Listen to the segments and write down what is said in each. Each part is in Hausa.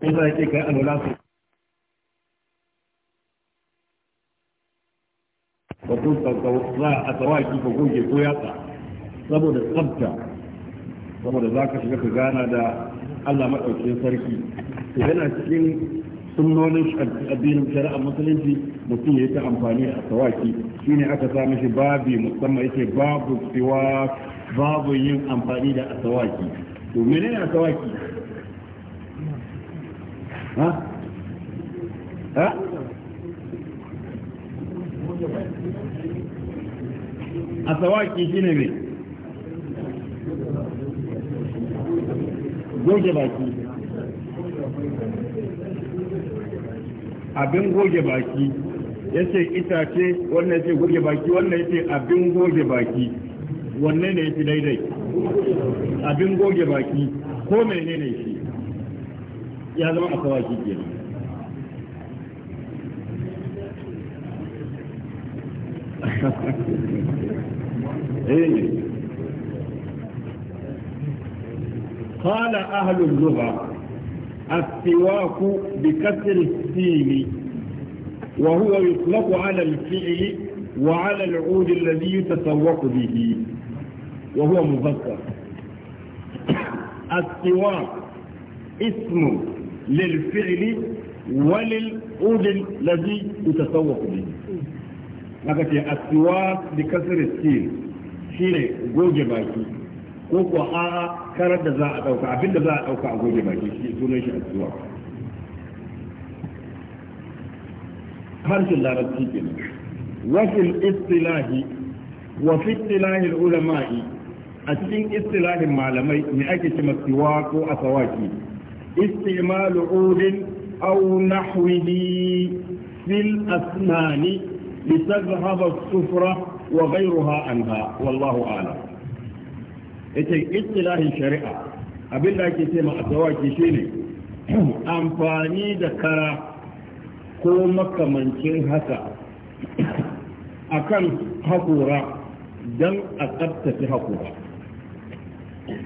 ko za ka kai alwala su ba ko za a tsawaki ka goge ko yatsa saboda tsabta saboda za ka shiga ka gana da Allah maɗaukin sarki to yana cikin sunnonin addinin shari'a musulunci mutum ya ta amfani a tsawaki. asawaki ne aka sa mishi babi musamman yake babu siwa babu yin amfani da a tsawaki. to menene tsawaki. a tsawaki shi ne mai goge baki abin goge baki ya ce itace wannan ya ce goge baki wannan ya ce abin goge baki wannan ne ya fi daidai abin goge baki ko menene shi ya zama قال أهل اللغة السواك بكسر السين وهو يطلق على الفعل وعلى العود الذي يتسوق به وهو مذكر السواك اسم للفعل وللأود الذي يتسوق به هكذا السواك بكسر السين شيء جوجة باكي كوكو آآ كرد ذا أدوك عبد ذا أدوك جوجة باكي شيء سنيش السواك هرش الله رسيك وفي الاصطلاح وفي اصطلاح العلماء أتين اصطلاح المعلمين من أجل السواك وأسواكي استعمال عود او نحوه في الاسنان لتذهب السفرة وغيرها عنها والله اعلم اتي اصطلاح الشريعة ابن الله كيسي ما اتواكي شيني امفاني دكرا كومك من شرهك اكن حقورا دم اقبتك حقورا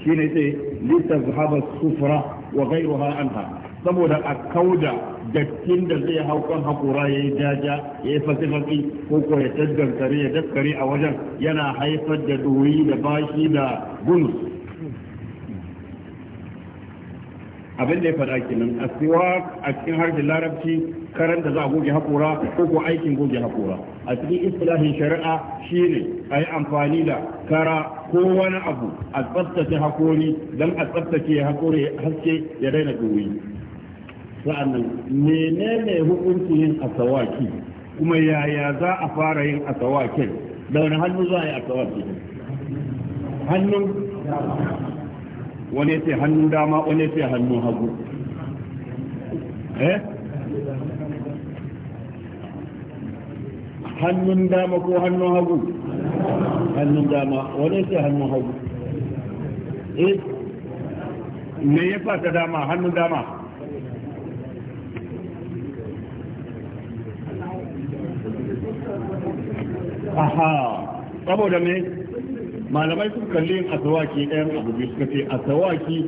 شيني اتي لتذهب السفرة wa ghayruha anha saboda a kauda dattin da zai haukan kan hakura ya yi jaja ya yi fasifaki ko ko ya daddankare ya daskare a wajen yana haifar da ɗoyi da bashi da gunus abin da ya faɗa kenan a siwa a cikin harshen larabci karan da za a goge haƙora ko ko aikin goge haƙora a cikin istilahin shari'a shine a yi amfani da kara ko wani abu a tsaftace haƙori don a tsaftace haƙori haske ya daina ɗoyi sa'annan menene hukuncin yin asawaki kuma yaya za a fara yin asawakin da wani hannu za a yi asawaki hannun wani ce hannun dama wani ce hannun hagu eh hannun dama ko hannun hagu hannun dama wani ce hannun hagu eh me ya fata dama hannun dama aha saboda me malamai sun kalli a tsawaki ɗayan abu biyu suka ce a tsawaki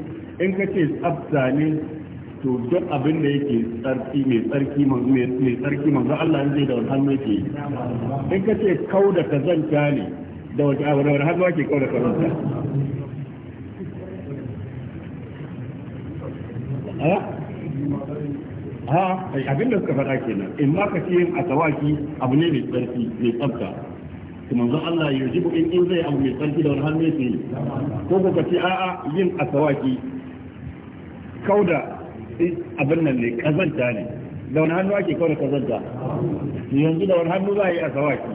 in ka ce tsabta ne to duk abin da yake tsarki mai tsarki mai tsarki manzo Allah ya da wannan hannu yake in ka ce kau da kazanta ne da wata abu da wani hannu ake kau da kazanta ha abin da suka faɗa kenan in ma ka ce a tsawaki abu ne mai tsarki mai tsabta manzon Allah ya jibu in in zai abu mai tsarki da wani hannu yake ne ko ko kace a'a yin asawaki kauda abin nan ne kazanta ne da wani hannu ake kauda kazanta yanzu da wani hannu za a yi asawaki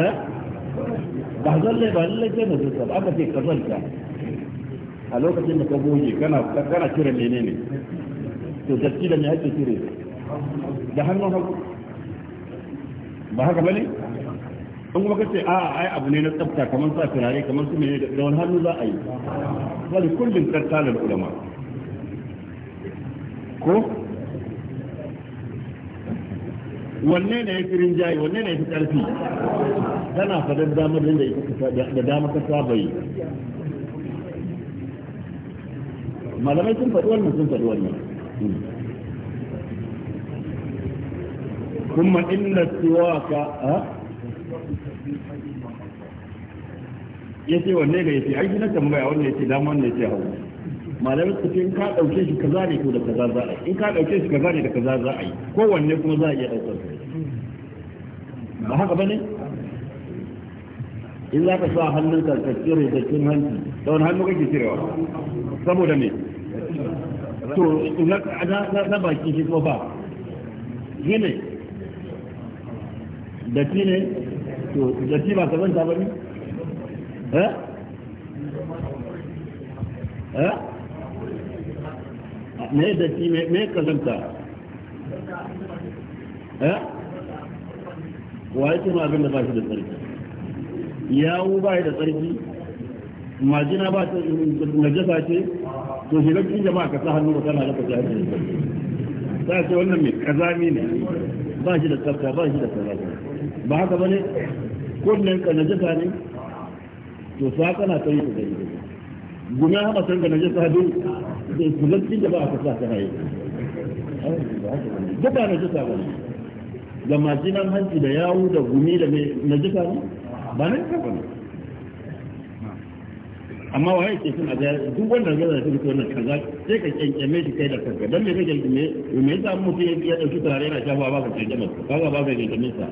eh? ba zan lai ba lallai zai na zuwa ba aka ce kazanta a lokacin da ka goge kana cire mene ne to datti da me ake cire da hannun hagu ba haka bane in kuma kace a ai abu ne na tsafta kamar sa turare kamar su mene da wani hannu za a yi wani kullum tattalin ulama ko wanne ne ya fi rinjaye wanne ne ya fi karfi tana fadar damar da dama ka saba yi malamai sun faɗi wannan sun faɗi wannan kuma inna siwaka a ya ce wanne da ya ce aiki na tambaya wanda ya ce dama wanda ya ce hau malamai su ce in ka ɗauke shi kaza ne ko da kaza za a yi in ka ɗauke shi kaza ne da kaza za a yi kowanne kuma za a iya ɗaukar ba haka ba ne in za ka sa hannun karkar cire da cin hanci da wani hannu kake cirewa saboda me to na baki shi ko ba shi ne da shi ne to da shi ba kazanta ba ne eh eh me da shi me kazanta eh wa yake ma abin da ba shi da tsarki yawo ba shi da tsarki majina ba ta najasa ce to shi rakin jama'a ka sa hannu ba tana raka jari za ce wannan mai kazami ne ba shi da tsafta ba shi da kaza ba haka bane kunnen ka najasa ne to sa kana kai ka gani guna ha san ka najasa dai to ku rakin jama'a ka sa ka haye ba najasa ba da masu hanci da yawo da gumi da mai najasa ne ba nan ka bane amma wa yake cin aja duk wanda ga zai fito wannan kaza sai ka kenkeme shi kai da kanka dan me kake kenkeme me yasa mu mutum ya dauki tare yana shafa ba ka kenkeme kaga ba ka kenkeme sa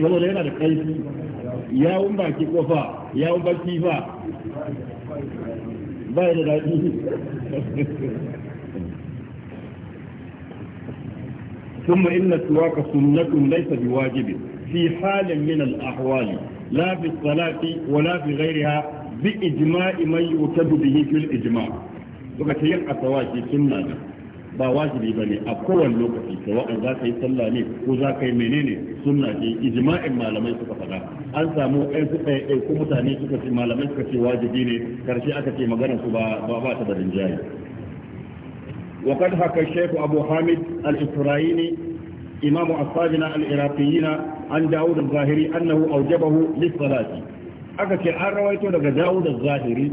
saboda yana da kaifi yawun baki kofa yawun baki fa ba da daɗi ثم إن السواك سنة ليس بواجب في حال من الأحوال لا في الصلاة ولا في غيرها بإجماع من يؤتد به في الإجماع yin يقع سواكي سنة ba wajibi bane a kowane lokaci sawa'in za ka yi sallah ne ko za ka yi menene sunna ce ijma'in malamai suka faɗa an samu ɗan su ɗaya ko mutane suka ce malamai suka ce wajibi ne karshe aka ce maganar su ba ba ta da rinjaye وقد حكى الشيخ أبو حامد الإسرائيلي إمام أصحابنا العراقيين an Dawud da zahiri annahu awjabahu lis-salati aka ce an rawaito daga Dawud al-Zahiri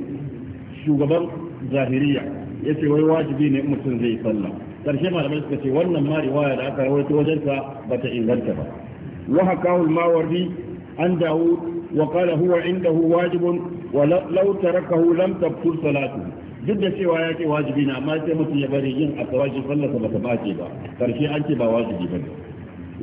shugaban Zahiriya yace wai wajibi ne mutum zai sallah karshe malamai suka ce wannan ma riwaya da aka rawaito wajen sa bata inganta ba wa hakahu al-Mawardi an Dawud wa qala huwa indahu wajibun wa law tarakahu lam tabtul salatuhu duk da cewa ya ce wajibi na amma sai mutum ya bari yin asawaki sallarsa ba ta bace ba karshe an ce ba wajibi ba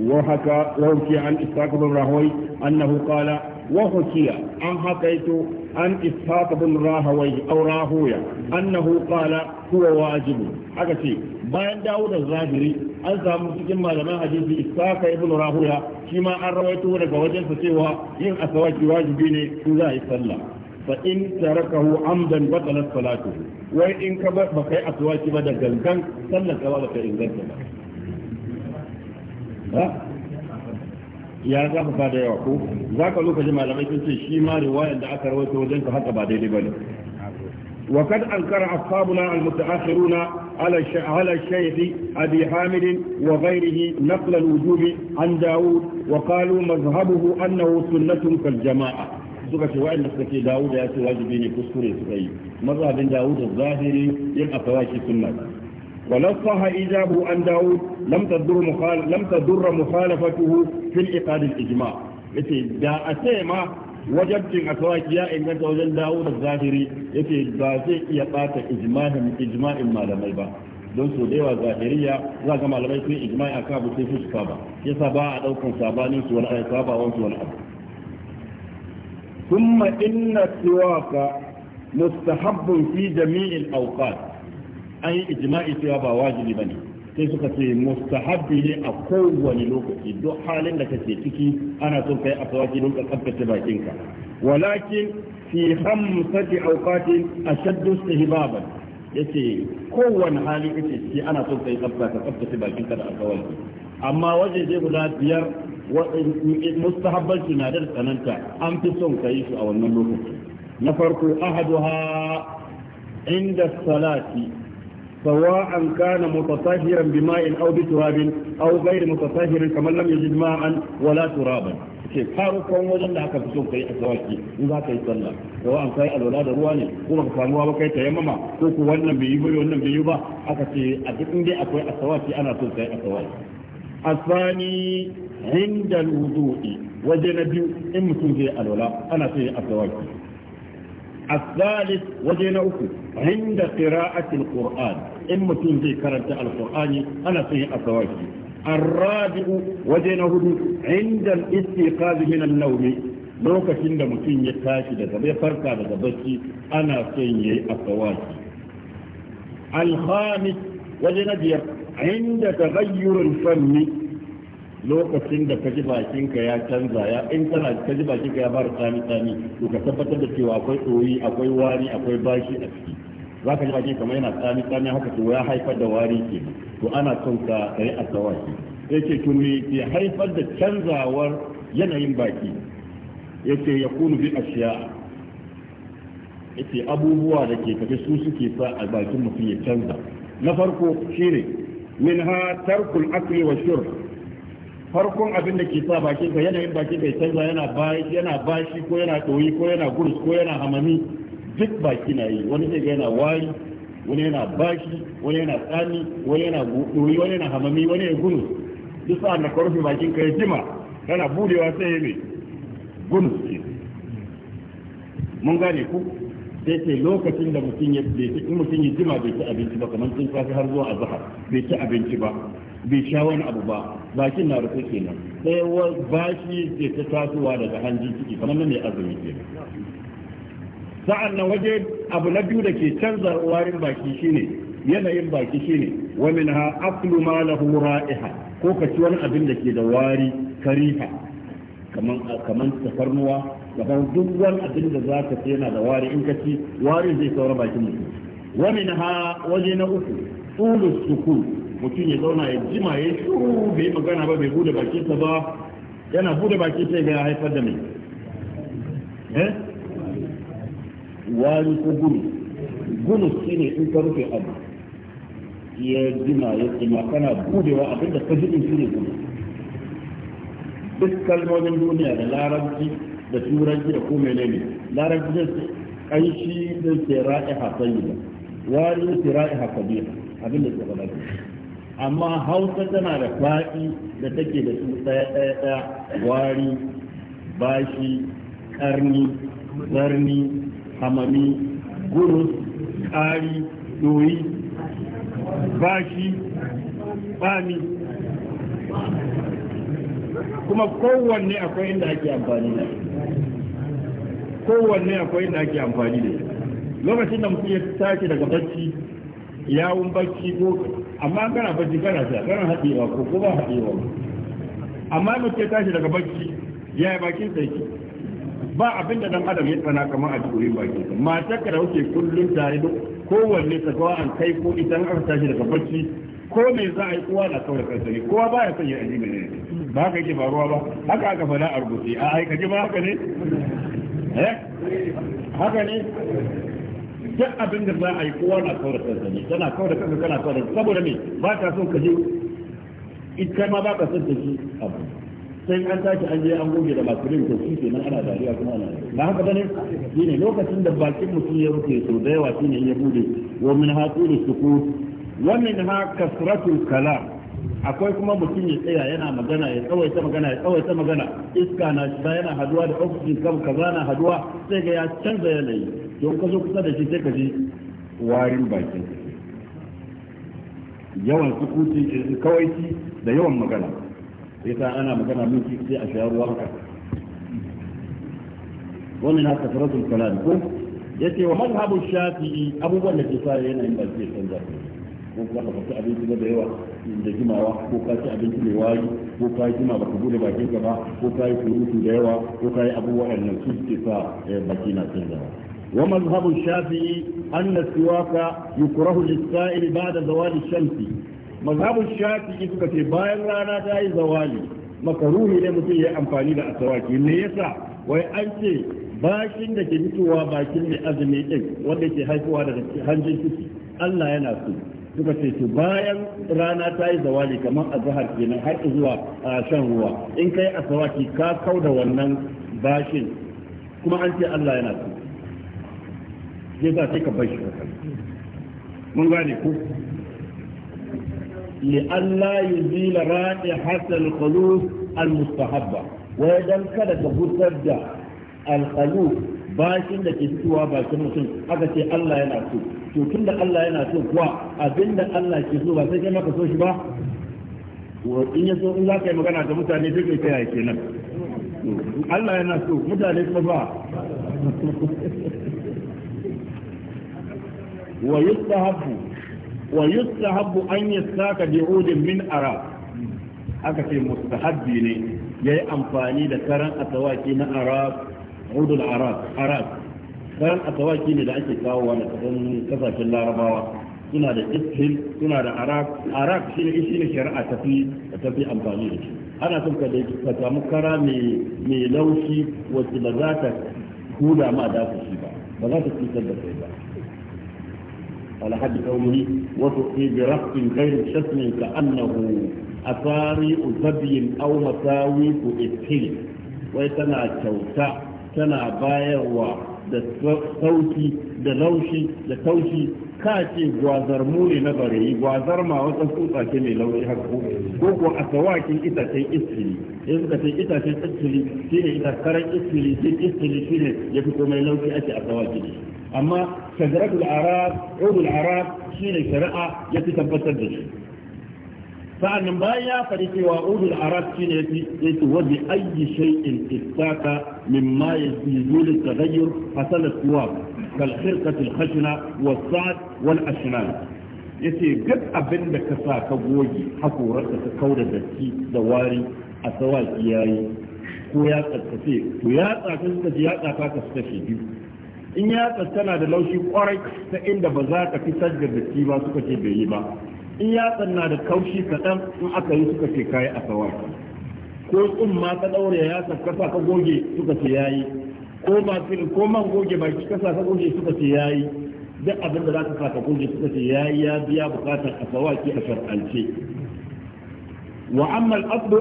وحكى وحكي عن إسحاق an راهوي أنه قال وحكي أن حكيت عن إسحاق بن راهوي أو راهوي أنه قال هو واجب حكى bayan dawo da zahiri an samu cikin malaman hadisi isaka ibn rahuya shi ma an rawaito daga wajensa cewa yin asawaki wajibi ne ko za a yi sallah fa in tarakahu amdan batalat salatuhu wai in ka ba kai asawaki ba da gangan sallar ka ba ta inganta ba ya za ku fada yawa ko za ka lokacin malamai sun ce shi ma riwayar da aka وقد أنكر أصحابنا المتأخرون على على الشيخ أبي حامد وغيره نقل الوجوب عن داود وقالوا مذهبه أنه سنة كالجماعة. سوغا سوى أن سكي داود يأتي واجبين كسكري سكي. مذهب داود الظاهري يبقى سنة. ونصح إجابه عن داود لم تضر مخالف لم تضر مخالفته في الإقاد الإجماع yace da a ce ma wajabcin aswaki ya inganta wajen dawo da zahiri yace ba zai iya bata ijma'in ijma'in malamai ba don so da yawa zahiriya za ga malamai sun ijma'i akan abu sai su saba yasa ba a daukan sabanin su wani ayi sabawan su wani abu ثم إن السواك مستحب في جميع الأوقات أي إجماع سوى واجب بني sai suka ce mustahabbi ne a kowane lokaci duk halin da kake ciki ana son kai aswaki don ka tsaftace bakinka walakin fi khamsati awqatin ashaddu istihbaban yace kowane hali kake ciki ana son kai tsaftace tsaftace bakinka da aswaki amma waje je guda biyar mustahabban na da tsananta an fi son kai su a wannan lokaci na farko ahaduha inda salati سواء كان متطهرا بماء أو بتراب أو غير متطهر كمن لم يجد ماء ولا ترابا shekaru kan wajen da aka fi son kai a tsawaki in za ka yi sallah yawa an kai alwala da ruwa ne ko baka samu ba kai tayammama ko ko wannan bai yi ba wannan bai yi ba aka ce a duk inda akwai a asawaki ana son kai a asawaki asani inda alwudu'i waje na biyu in mutum zai alwala ana son so ya asawaki الثالث وجه أخو عند قراءة qur'an. in mutum zai karanta alkur'ani ana son yin asawaki hudu inda istiqazi min من النوم lokacin da mutum ya tashi daga bai farka daga bacci ana son yayi asawaki alhamis waje na biyar inda taghayyurul fanni lokacin da kaji ka ya canza ya in kana kaji ka ya fara tsami tsami to ka tabbatar da cewa akwai ɗoyi akwai wani akwai bashi a ciki za ka ji bakin kamar yana tsami tsami haka to ya haifar da wari ke to ana son ka kai a tsawaki asawaki ce to me ke haifar da canzawar yanayin baki yace kunu bi ashiya yace abubuwa da ke kaje su suke sa a bakin mutum ya canza na farko shine min ha tarkul akli wa shurb farkon abin da ke sa bakin ka yanayin bakin ka ya canza yana bashi ko yana doyi ko yana gurus ko yana hamami duk baki na yi wani zai yana wari wani yana bashi wani yana tsani wani yana guri wani yana hamami wani ya gunu duk sa'an na ka rufe bakin ka ya jima kana budewa sai ya mai gunu mun gane ku sai ce lokacin da mutum ya in mutum ya jima bai ci abinci ba kamar tun safi har zuwa azhar bai ci abinci ba bai sha wani abu ba bakin na rufe kenan sai bashi ke ta tasowa daga hanji ciki kamar nan ne azumi kenan sa'an na waje abu na biyu da ke canza warin baki shine yanayin baki shine wa ha aflu ma lahu ra'iha ko ka ci wani abin da ke da wari kariha kaman kaman tafarnuwa gaban duk wani abin da za ka yana da wari in ka ci wari zai saura bakin mutum wa ha waje na uku tsulu sukun mutum ya zauna ya jima ya shuru bai magana ba bai bude bakinsa ba yana bude baki sai ga haifar da mai eh wari ko gudu gudu shi ne in ka rufe abu ya jima ya jima kana budewa abinda ka ji shi ne gudu duk kalmomin duniya da larabci da turanci da kome ne ne larabci zai shi zai ce ra'i hasayya wari zai ce ra'i hasabiya abinda ke faɗa amma hausa tana da fa'i da take da su ɗaya ɗaya ɗaya wari bashi karni zarni hamami guru ƙari doyi bashi bani kuma kowanne akwai inda ake amfani da kowanne akwai inda ake amfani da lokacin da mutum ya tashi daga bacci yawun bacci ko amma kana bacci kana sha kana haɗewa ko ko ba haɗewa amma mutum ya tashi daga bacci ya yi bakin sai ba abin da dan adam ya tsana kamar a cikin baki Ma ka da kuke kullun tare da kowanne ka ga an kai ko idan aka tashi daga barci ko me za a yi kowa na kawai kansa ne kowa ba ya sanya ajibi ne ba ka yake faruwa ba haka aka fada a rubuce a ji ba haka ne eh haka ne duk abin da za a yi kowa na kawai kansa ne tana kawai kansa kana kawai saboda me ba ta son ka ji ita ma ba ka son ta ji abu sai an tashi an je an goge da masu rinko shi nan ana dariya kuma ana ba haka shi shine lokacin da bakin mutum ya rufe sau da yawa shine ya bude wa min da suku wa min ha kasratul kala akwai kuma mutum ya tsaya yana magana ya tsawaita magana ya tsawaita magana iska na shiga yana haduwa da oxygen kam kaza na haduwa sai ga ya canza yanayi don ka zo kusa da shi sai ka ji warin bakin yawan sukuti eh, kawai da yawan magana sai ta ana magana min shi sai a sha ruwa haka wannan haka suratul kalam ko yace wa mazhabu shafi'i abubuwan da ke sa yana yin baki canza ko ka ci abinci da yawa da jimawa ko ka ci abinci mai wari ko ka yi jima baka bude bakin ka ba ko ka yi surutu da yawa ko ka yi abubuwan wannan su ke sa eh, baki na canzawa ومذهب الشافعي أن السواك يكره للسائل بعد زوال shamsi shafi shafi'i suka ce bayan rana ta yi zawali makaruhi ne mutum ya amfani da asawaki ne yasa wai an ce bakin da ke fitowa bakin mai azumi din wanda ke haifuwa daga hanjin ciki Allah yana so suka ce su bayan rana ta yi zawali kamar azhar kenan har zuwa shan ruwa in kai asawaki ka kau da wannan bashin kuma an ce Allah yana so sai ka bashi mun gane ku لئلا يزيل رائحة الخلوف المستحبة ويدل كذا تبتدى الخلوف bashin da ke fitowa bakin mutum aka ce Allah yana so to da Allah yana so kuwa abinda Allah ke so ba sai kai maka so shi ba in ya in za ka yi magana da mutane kai kenan Allah yana so mutane kuma ba wa yustahabbu an yastaka bi udin min ara aka ce mustahabbi ne Ya yi amfani da karan asawaki na arab udul arab arab karan asawaki ne da ake kawowa da kasashen larabawa suna da ishil suna da Arab. Arab shi ne shi ne shari'a tafi tafi amfani da shi ana son ka ka samu kara mai mai laushi wacce ba za ta huda ma da shi ba ba za ta cutar da kai ba على حد قوله وتؤتي برفق غير شتم كأنه أثاري زبي أو مساوي إبحيل ويتنا كوتا تنا بايروا da sauki da laushi da taushi ka gwazar mu ne na bareyi gwazar ma wata tsutsa ce mai laushi haka ko ko a tawakin itacen istili in ka ce itacen istili shine ita karan shi istili shine ya fi komai laushi ake a tawakin أما شجرة العراق عود العراق شين الشرعة يتي تنفتر دش فعن نبايا فريق وعود العراب شين يتي أي شيء إستاكا مما يزول التغير حصل السواب كالخرقة الخشنة والسعد والأشنان يتي قد أبن بكفا كبوجي حقو رأس كورة دكي دواري أسوال إياي ko كثير tsakasi كثير ya كثير in yatsa tana da laushi kwarai ta inda ba za ka fitar da datti ba suka ce bai yi ba in yatsan na da kaushi kaɗan in aka yi suka ce kayi a asawa ko tsumma ka ɗaure yatsa kasa ka goge suka ce yayi ko mafil ko man goge baki kasa ka goge suka ce yayi duk abin da za ka sa ka goge suka ce yayi ya biya bukatar asawaki a shar'ance wa amma al-asbu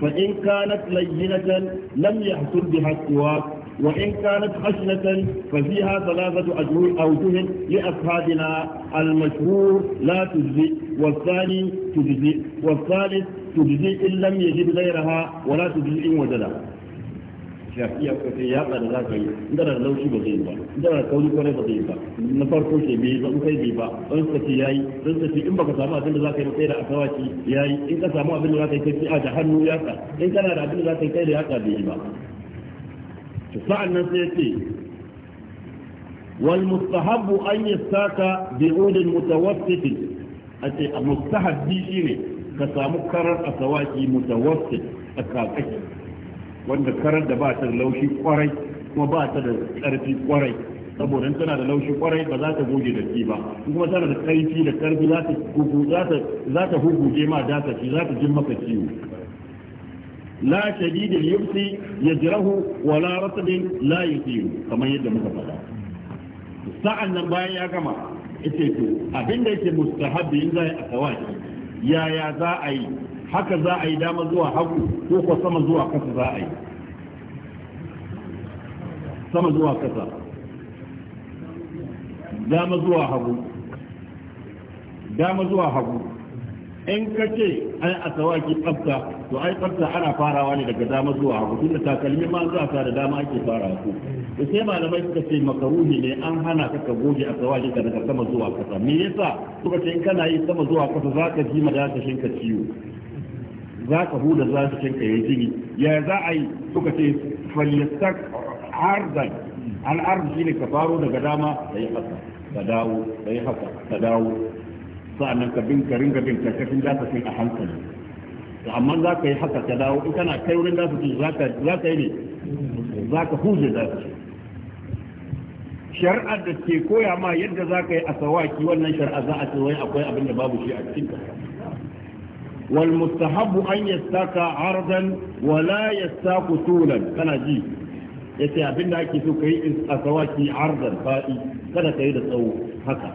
fa in kanat layyinatan lam yahsul biha siwak وإن كانت خشنة ففيها ثلاثة أوجه لأصحابنا المشهور لا تجزي والثاني تجزي والثالث تجزي إن لم يجد غيرها ولا تجزي إن وجدها shafiya ko sai ya tsada za ka yi inda da laushi ba zai ba inda da kauri kwarai ba zai ba na farko bai ba kai bai ba don suka ce yayi don suka ce in baka samu abin da za ka yi kai da asawaki in ka samu abin da za ka yi kai a da in kana da abin da za ka yi kai da bai ba sa'an nan sai ce wal mustahabu an yastaka bi udin a ace mustahabbi shine ka samu karar asawaki mutawassit a kakaki wanda karar da ba ta laushi kwarai kuma ba ta da karfi kwarai saboda in tana da laushi kwarai ba za ta goge da ba kuma tana da karfi da ƙarfi za ta huguje ma data za ta jin maka ciwo لا شديد اليبس يجره ولا رطب لا يثير كما يدى مكفلا sa'an nan bayan ya gama ita to abin da yake mustahabi in za a tawaki yaya za a haka za a dama zuwa hagu ko sama zuwa kasa za a dama zuwa hagu dama zuwa hagu in ka ce ai a sawaki tsafta to ai tsafta ana farawa ne daga dama zuwa hagu tunda takalmi ma zuwa sa da dama ake fara ko to sai malamai suka ce makaruhi ne an hana ka ka goge a sawaki ka daga sama zuwa kasa me yasa suka ce in kana yi sama zuwa kasa ka ji madasashin ka ciwo Za ka huda za ka yayi jini ya za a yi suka ce falistak ardan al-ard shine ka faro daga dama kai haka ka dawo kai haka ka dawo nan ka bin garin gabin karkashin dafafin a hankali to amma za ka yi haka ka dawo in kana kai wurin dafafi za ka yi ne za ka huje dafafi shari'ar da ke koya ma yadda za ka yi a sawaki wannan shari'ar za a ce wai akwai abin da babu shi a cikin wal mustahabu an yastaka ardan wala yastaku tulan kana ji yace abin da ake so kai a sawaki ardan fa'i kada ka yi da tsawo haka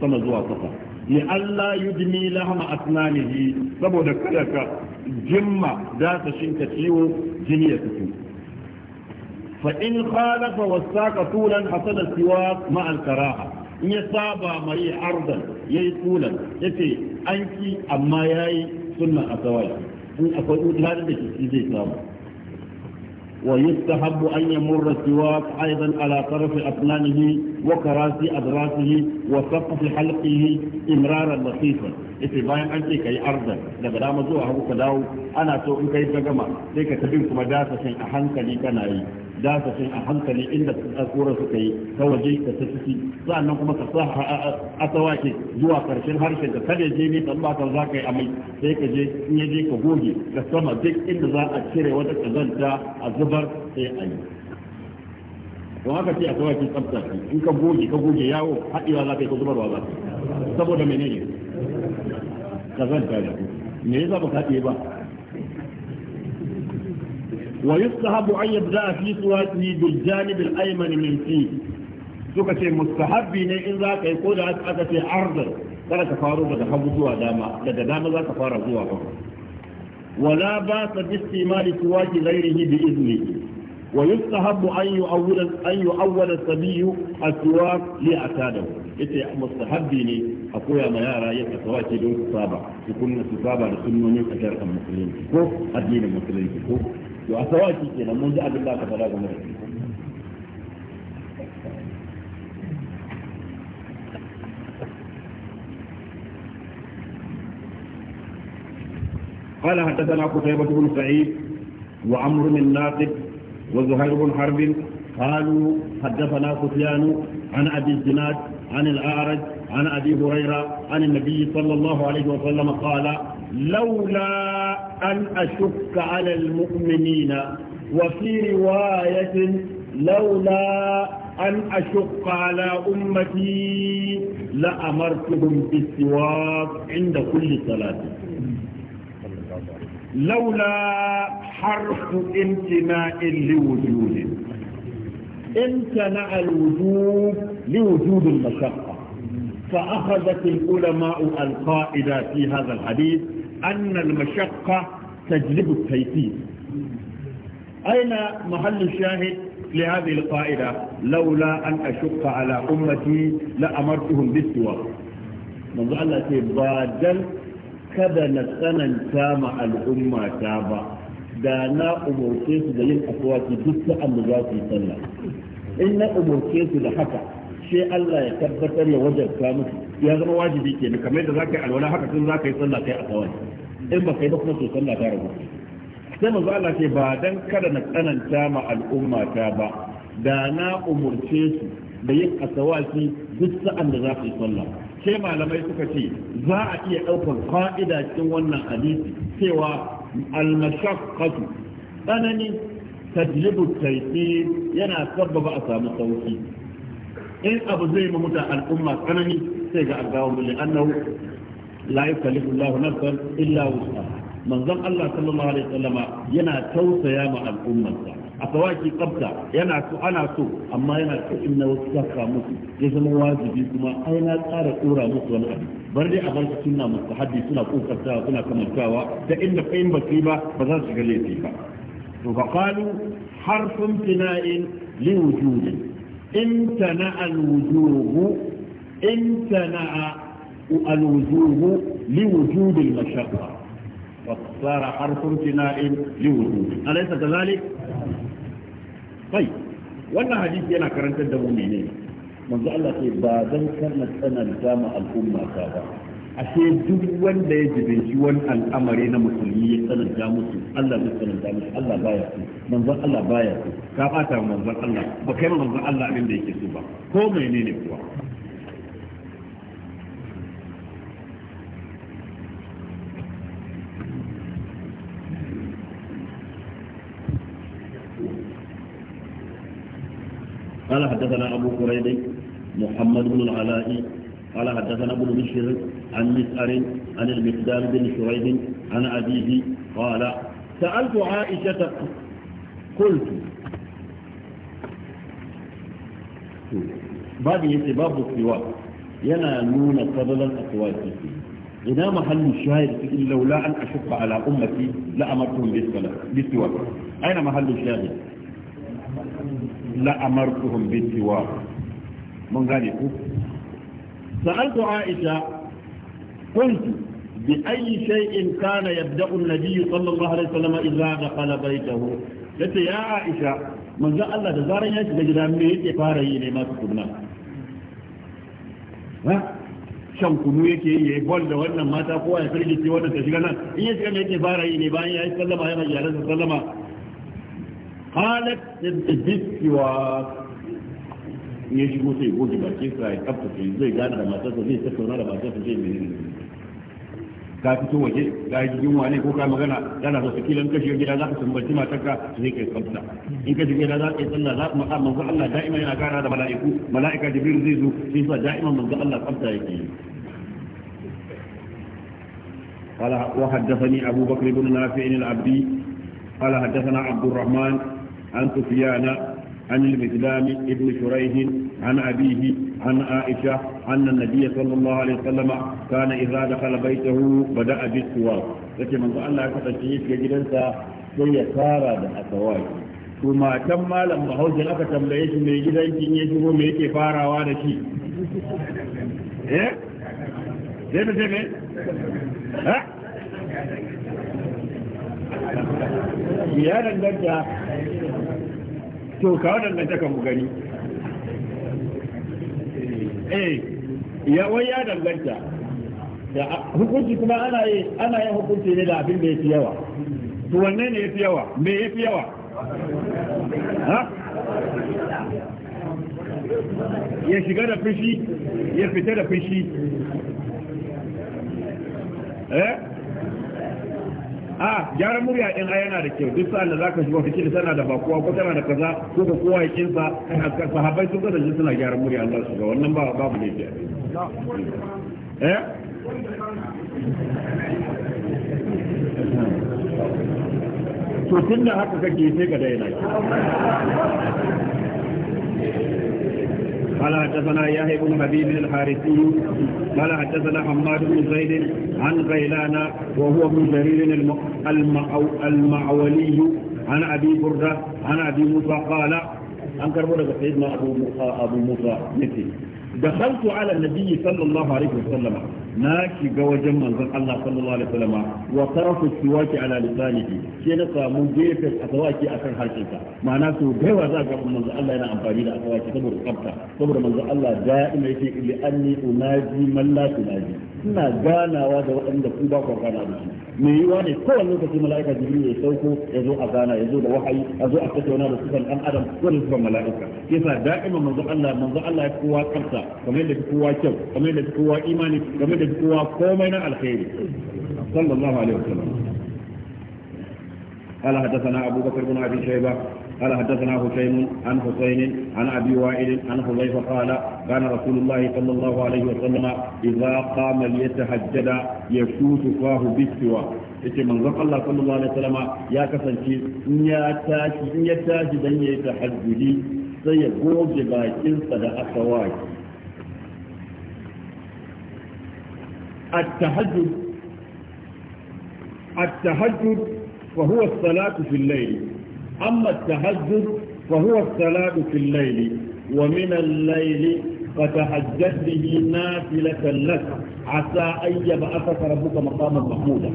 sama zuwa kafa li Allah jini lahama lahma asnanihi saboda kada ka jimma da ta shinka ciwo jini ya fito fa in khalafa wasaqa tulan hasada siwak ma karaha in ya saba mai ardan yayi tulan yace an ki amma yayi sunna asawai in akwai ladin da ke zai samu ويستحب أن يمر السواك أيضا على طرف أسنانه وكراسي أدراسه وسقف حلقه إمرارا لطيفا ita bayan anke kayi kai arda daga dama zuwa hagu ka dawo ana so in kai ta gama sai ka tafi kuma dasashin a hankali kana yi da ka sai a hankali inda tsakuran suka yi ta waje ka ta ciki sannan kuma ka sa asawake zuwa karshen harshen ka kada je ne san ba ka za ka yi amai sai ka je in ya je ka goge ka sama duk inda za a cire wata kazanta a zubar sai a yi don haka ce asawake tsafta in ka goge ka goge yawo haɗewa za ka yi ka zubarwa za ka saboda menene kazanta ne me yasa ba ka haɗe ba ويستحب أن يبدأ في صورته بالجانب الأيمن من فيه suka ce mustahabbi ne in za ka yi ko da aka ce arzar kada ka faro daga hagu zuwa dama daga dama za ka fara zuwa ba wala ba sa bistimali tuwaki ghairihi bi izni wa yustahabbu an yu'awwala an yu'awwala sabiyu aswaq li atadahu yace mustahabbi ne a koya ma yara yadda tawaki don su saba su kunna su saba da sunnonin a musulunci ko addinin musulunci ko قال حدثنا قتيبة بن سعيد وعمر بن ناقد وزهير بن حرب قالوا حدثنا سفيان عن ابي الزناد عن الاعرج عن ابي هريره عن النبي صلى الله عليه وسلم قال لولا أن أشك على المؤمنين وفي رواية لولا أن أشق على أمتي لأمرتهم بالسواك عند كل صلاة لولا حرف امتناء لوجود امتنع الوجود لوجود المشقة فأخذت العلماء القائدة في هذا الحديث أن المشقة حق تجلب التيسير أين محل الشاهد لهذه القائدة لولا أن أشق على أمتي لأمرتهم بالسوى منذ الله سيبا جل كذا نسأنا نسامع الأمة تابا دانا أمور كيس دليل أخواتي بسعى مجاوتي سنة إن أمور كيس لحكا شيء الله يتبتر يوجد كامل يغنو واجبي كي نكمل ذاكي على ولا حكا سنة ذاكي سنة كي أخواتي in ba kai ba kuma to sallah ta rabu sai manzo Allah ce ba dan kada na tsananta ma al'umma ta ba da na umurce su da yin asawaki duk sa'an da za su yi sallah sai malamai suka ce za a iya ɗaukar fa'ida cikin wannan hadisi cewa al-mashaqqatu tsanani tajlibu taysir yana sabbaba a samu sauki in abu zai ma mutan al'umma tsanani sai ga agawa mulli annahu la yukallifu Allahu nafsan illa wuta manzon Allah sallallahu alaihi wasallama yana tausaya ma al'ummarsa a kawaki tsafta yana so ana so amma yana so in na wasu saka musu ya zama wajibi kuma ai na tsara tsora musu wani abu bar dai a barka suna haddi suna kokartawa suna kamantawa da inda kayin ba su ba ba za su ga laifi ba to fa qalu harfun tina'in li wujudi in tana'a al-wujubu in tana'a الوجوه لوجود المشقة فصار حرف امتناع لوجود أليس كذلك؟ طيب wannan hadisi yana karantar da mu ne manzo Allah ce ba zan karna tsananta ma al'umma ta ba ashe duk wanda ya jibinci wani al'amari na musulmi ya tsananta musu Allah ya zai tsananta musu Allah baya so manzon Allah baya so ka bata manzon Allah ba kai manzon Allah abin da yake so ba ko menene kuwa قال حدثنا أبو قريب محمد بن العلاء قال حدثنا أبو بشر عن مسأل عن المقدار بن شريد عن أبيه قال سألت عائشة قلت بعد يتباب السواك ينا نون قبل الأسواك إذا محل الشاهد إلا لولا أن أشق على أمتي لأمرتهم بالسواك أين محل الشاهد la'amartuhum bitiwa mun gane ku sa'altu aisha kuntu bi ayi shay'in kana yabda'u an-nabiy sallallahu alaihi wasallam idza dakhala baytahu yace ya aisha manzo Allah da zaran ya shiga gida me yake fara yi ne masu kunna ha shan kunu yake yi yayi bol da wannan mata kowa ya firgice wannan ta shiga nan in ya shiga me yake fara yi ne bayan ya yi sallama ya mai yaran sallama halat biswa ya shigo sai goge bakin sa ya zai gane da zai tattauna da zai ka fito waje ko ka magana kana so su kilan kashi gida za ka su zai kai kamta in ka za ka yi sallah za ka manzo Allah da'ima yana da mala'iku mala'ika jibril zai zo shi da'ima manzo Allah kamta yake قال وحدثني أبو بكر بن نافع العبدي قال حدثنا عبد الرحمن عن سفيان عن المقدام ابن شريح عن أبيه عن عائشة أن النبي صلى الله عليه وسلم كان إذا دخل بيته بدأ بالسواق لكن من قال الله كتشيش يجدنسا سيسارة السواك kuma can malam bahaushe aka tambaye shi mai gidan kin ya shigo me yake farawa da shi eh zai ها me ها ya danganta to ka ta mu gani eh ya wai ya danganta da hukunci kuma ana yi ana yin hukunci ne da abin da fi yawa to wanne ne fi yawa me fi yawa ha ya shiga da fushi ya fita da fushi eh a gyaran murya ɗin a yana da kyau duk sa'an da zaka shiga wata kila tana da bakuwa ko tana da kaza ko ka kowa ya kinsa sahabbai sun ga da suna gyaran murya Allah su ga wannan ba babu ne ke eh haka kake sai ka daina قال حدثنا يحيى بن حبيب الحارثي قال حدثنا حماد بن زيد عن غيلان وهو من جرير المعولي عن ابي برده عن ابي موسى قال عن كربلاء سيدنا ابو موسى ابو موسى مثل دخلت على النبي صلى الله عليه وسلم na shiga wajen manzon Allah sallallahu alaihi wasallam wa tarafu siwaki ala lisanihi sai na samu gefe asawaki akan harshensa ma'ana so gaiwa za ga manzon Allah yana amfani da asawaki saboda tsafta saboda manzon Allah da'ima yake li anni unaji man la tunaji suna ganawa da waɗanda ku ba ku gana da su me yiwa ne kowane lokaci mala'ika jibril ya sauko ya zo a gana ya zo da wahayi a zo a tattauna da sufan ɗan adam ko da sufan mala'ika yasa da'ima manzo Allah manzo Allah ya kowa kansa kamar yadda kowa kyau kamar yadda kowa imani kamar yadda kowa komai na alkhairi sallallahu alaihi wasallam قال حدثنا بكر بن قال حدثنا حسين عن حسين عن ابي وائل عن حذيفه قال كان رسول الله صلى الله عليه وسلم اذا قام ليتهجد يشوت فاه بالسواك yace manzon Allah sallallahu alaihi wasallam ya kasance in ya tashi in ya tashi dan yayi tahajjudi sai ya goge bakin sa da asawaki at-tahajjud at-tahajjud fa huwa as-salatu fil layl أما التهجد فهو الصلاة في الليل ومن الليل فتهجد به نافلة لك عسى أن يبعثك ربك مقاما محمودا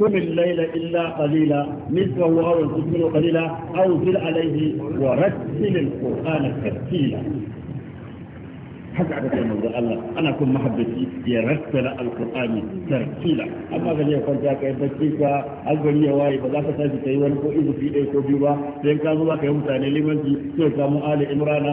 قم الليل إلا قليلا نصفه أو انقصه قليلا أو زل عليه ورتل القرآن ترتيلا haka aka kai manzo Allah ana kun mahabbaci ya rattala alqur'ani tartila amma ga ne kwanta kai bacci ka azumi ya waye ba za ka tashi kai wani ko izu fi dai ko biyu ba sai ka zo ka yi mutane limanci sai ka mu ali imrana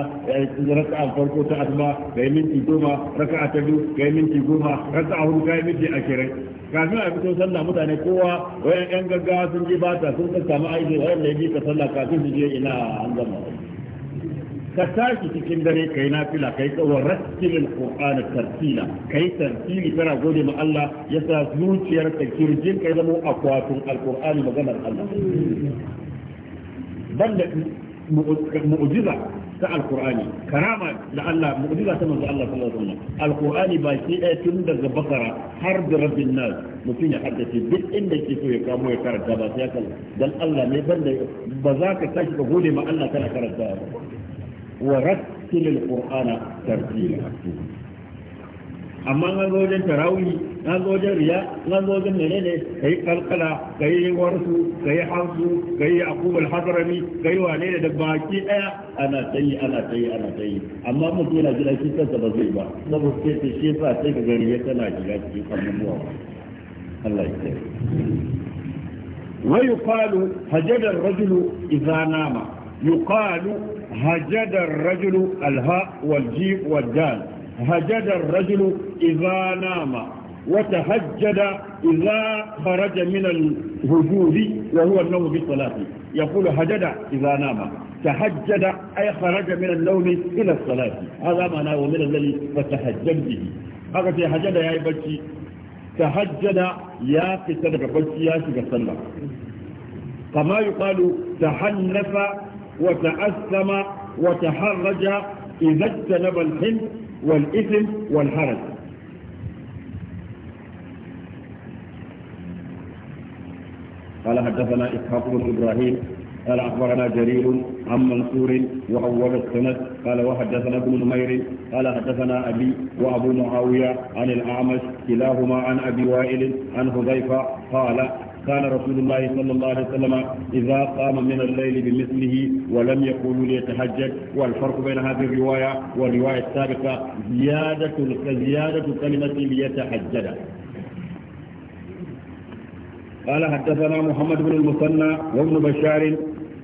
raka'a farko ta asma kai minti goma raka'a ta biyu kai minti goma raka'a hudu kai minti ashirin kafin a fito sallah mutane kowa wayan yan gaggawa sun je bata sun ka samu aiki wayan da ya bi ka sallah kafin su je ina an zama. ka tashi cikin dare kai na fila kai tsawo rattilin qur'ana tartila kai tartili kana gode ma Allah yasa zuciyar ka kirjin kai zama akwatin alqur'ani maganar Allah banda mu'ujiza ta alqur'ani karama da Allah mu'ujiza ta manzo Allah sallallahu alaihi wasallam ba shi ɗaya tun daga bakara har da rabbin nas mutum ya haddace duk inda ke so ya kamo ya karanta ba sai ya kalla, dan Allah ne banda ba za ka tashi ka gode ma Allah kana karanta ba ورتل القرآن ترتيلا amma an zo wajen tarawi an zo wajen riya an zo wajen menene kai kalkala kai warsu kai Hanzu, kai akubul hadrami kai wane ne da baki daya ana tayi ana tayi ana tayi amma mutum yana jira shi kansa ba zai ba saboda sai ta shi yasa sai ga gari ya tana shiga cikin ba. Allah ya tsare ويقال هجد rajulu idha nama yuqalu هجد الرجل الهاء والجيم والدال هجد الرجل إذا نام وتهجد إذا خرج من الهجود وهو النوم بالصلاة يقول هجد إذا نام تهجد أي خرج من النوم إلى الصلاة هذا معناه ومن الذي فتهجد به haka sai hajjada ya yi bacci ta hajjada ya fita daga bacci ya shiga sallah kama yi kwalu ta hannafa وتأثم وتحرج إذا اجتنب الحن والإثم والحرج قال حدثنا إسحاق بن إبراهيم قال أخبرنا جرير عن منصور وأول السند قال وحدثنا ابن نمير قال حدثنا أبي وأبو معاوية عن الأعمش كلاهما عن أبي وائل عن حذيفة قال كان رسول الله صلى الله عليه وسلم إذا قام من الليل بمثله ولم يقول ليتهجد والفرق بين هذه الرواية والرواية السابقة زيادة زيادة كلمة ليتهجد قال حدثنا محمد بن المثنى وابن بشار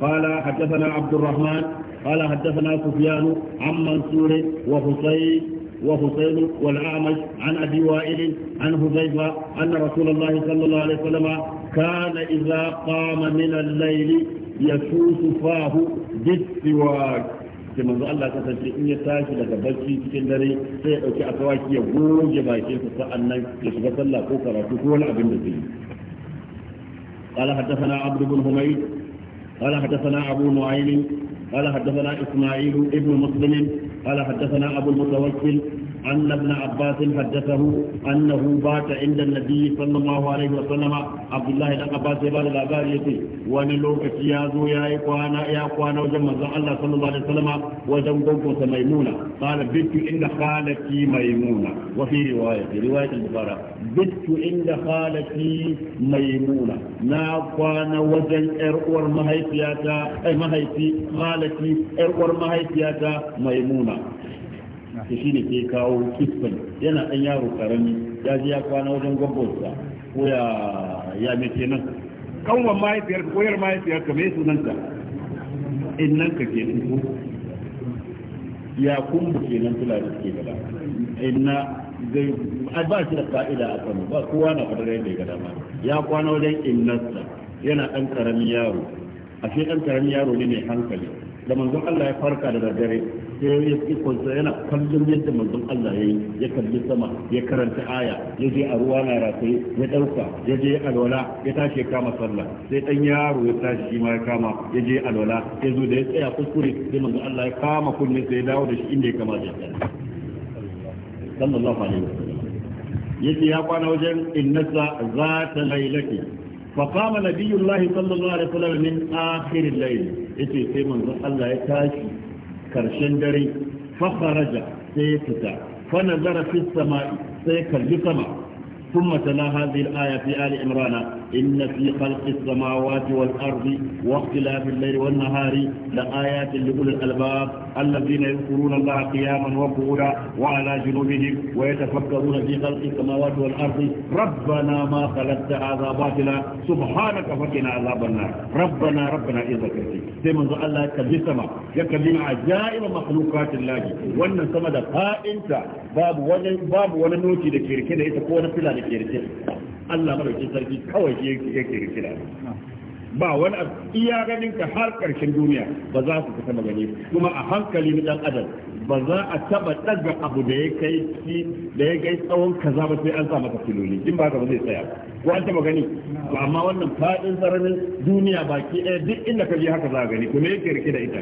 قال حدثنا عبد الرحمن قال حدثنا سفيان عن منصور وحسين وحسين والأعمش عن أبي وائل عن هزيفة أن رسول الله صلى الله عليه وسلم كان إذا قام من الليل يشوف فاه بالسواك كما قال الله كسر إن يتاشي لك بشي كندري سيأتي أكواك يقول جباكي فسألنا يشغل الله كوكرا كوكولا أبن دسي قال حدثنا عبد بن حميد قال حدثنا أبو نعيم قال حدثنا إسماعيل ابن مسلم قال حدثنا أبو المتوكل أن ابن عباس حدثه أنه بات عند النبي صلى الله عليه وسلم عبد الله بن عباس يبال الأبار يتي ونلوك سيازو يا إخوانا يا إخوانا وجمع الله صلى الله عليه وسلم وجمعكم ميمونة قال بت عند خالتي ميمونة وفي رواية رواية البخاري بت عند خالتي ميمونة نا إخوانا وجن إرور مهيتياتا أي مهيتي خالتي إرور مهيتياتا ميمونة shi ne ke kawo kisfan yana ɗan yaro karami ya ji ya kwana wajen gwabbarsa ko ya ya me nan kanwan mahaifiyar koyar mahaifiyar ka me sunanta nan ka ke ko ya kumbu kenan da suke gada na zai ba shi da fa'ida a kanu ba kowa na fadar yadda ya gada ma ya kwana wajen innarsa yana ɗan karamin yaro a shi ɗan karamin yaro ne mai hankali da manzon Allah ya farka da daddare sai ya fi kwanta yana kallon yadda manzon Allah ya yi ya kalli sama ya karanta aya ya je a ruwa na rataye ya ɗauka ya je alwala ya tashi ya kama sallah sai ɗan yaro ya tashi shi ma ya kama ya je alwala ya zo da ya tsaya kuskure sai manzon Allah ya kama kunne sai ya dawo da shi inda ya kama da sallallahu alaihi wasallam yace ya kwana wajen innasa za zata lailati فقام نبي الله صلى الله عليه وسلم من آخر الليل يتي سيمن الله يتاشي karshen dare fa kharaja sai ya fita fa nazara fi sama sai kalli sama ثم تلا هذه الآية في آل عمران إن في خلق السماوات والأرض واختلاف الليل والنهار لآيات لأولي الألباب الذين يذكرون الله قياما وقعودا وعلى جنوبهم ويتفكرون في خلق السماوات والأرض ربنا ما خلقت هذا باطلا سبحانك فقنا عذاب النار ربنا ربنا إذا ذكرتي سيما الله يكبر سما يكبر عجائب مخلوقات الله وأن سما da fa'inta babu wani babu wani noki da kirke da ita ko wani fila da kirkira Allah madaukin sarki kawai shi ya kirkira ba wani iya ganin ka har karshen duniya ba za su fita magani kuma a hankali na dan adam ba za a taba daga abu da ya kai shi da ya kai tsawon kaza ba sai an sa masa filoli in ba ka ba zai tsaya ko an taba gani ba amma wannan fadin sararin duniya baki ɗaya duk inda ka je haka za ka gani kuma yake rike da ita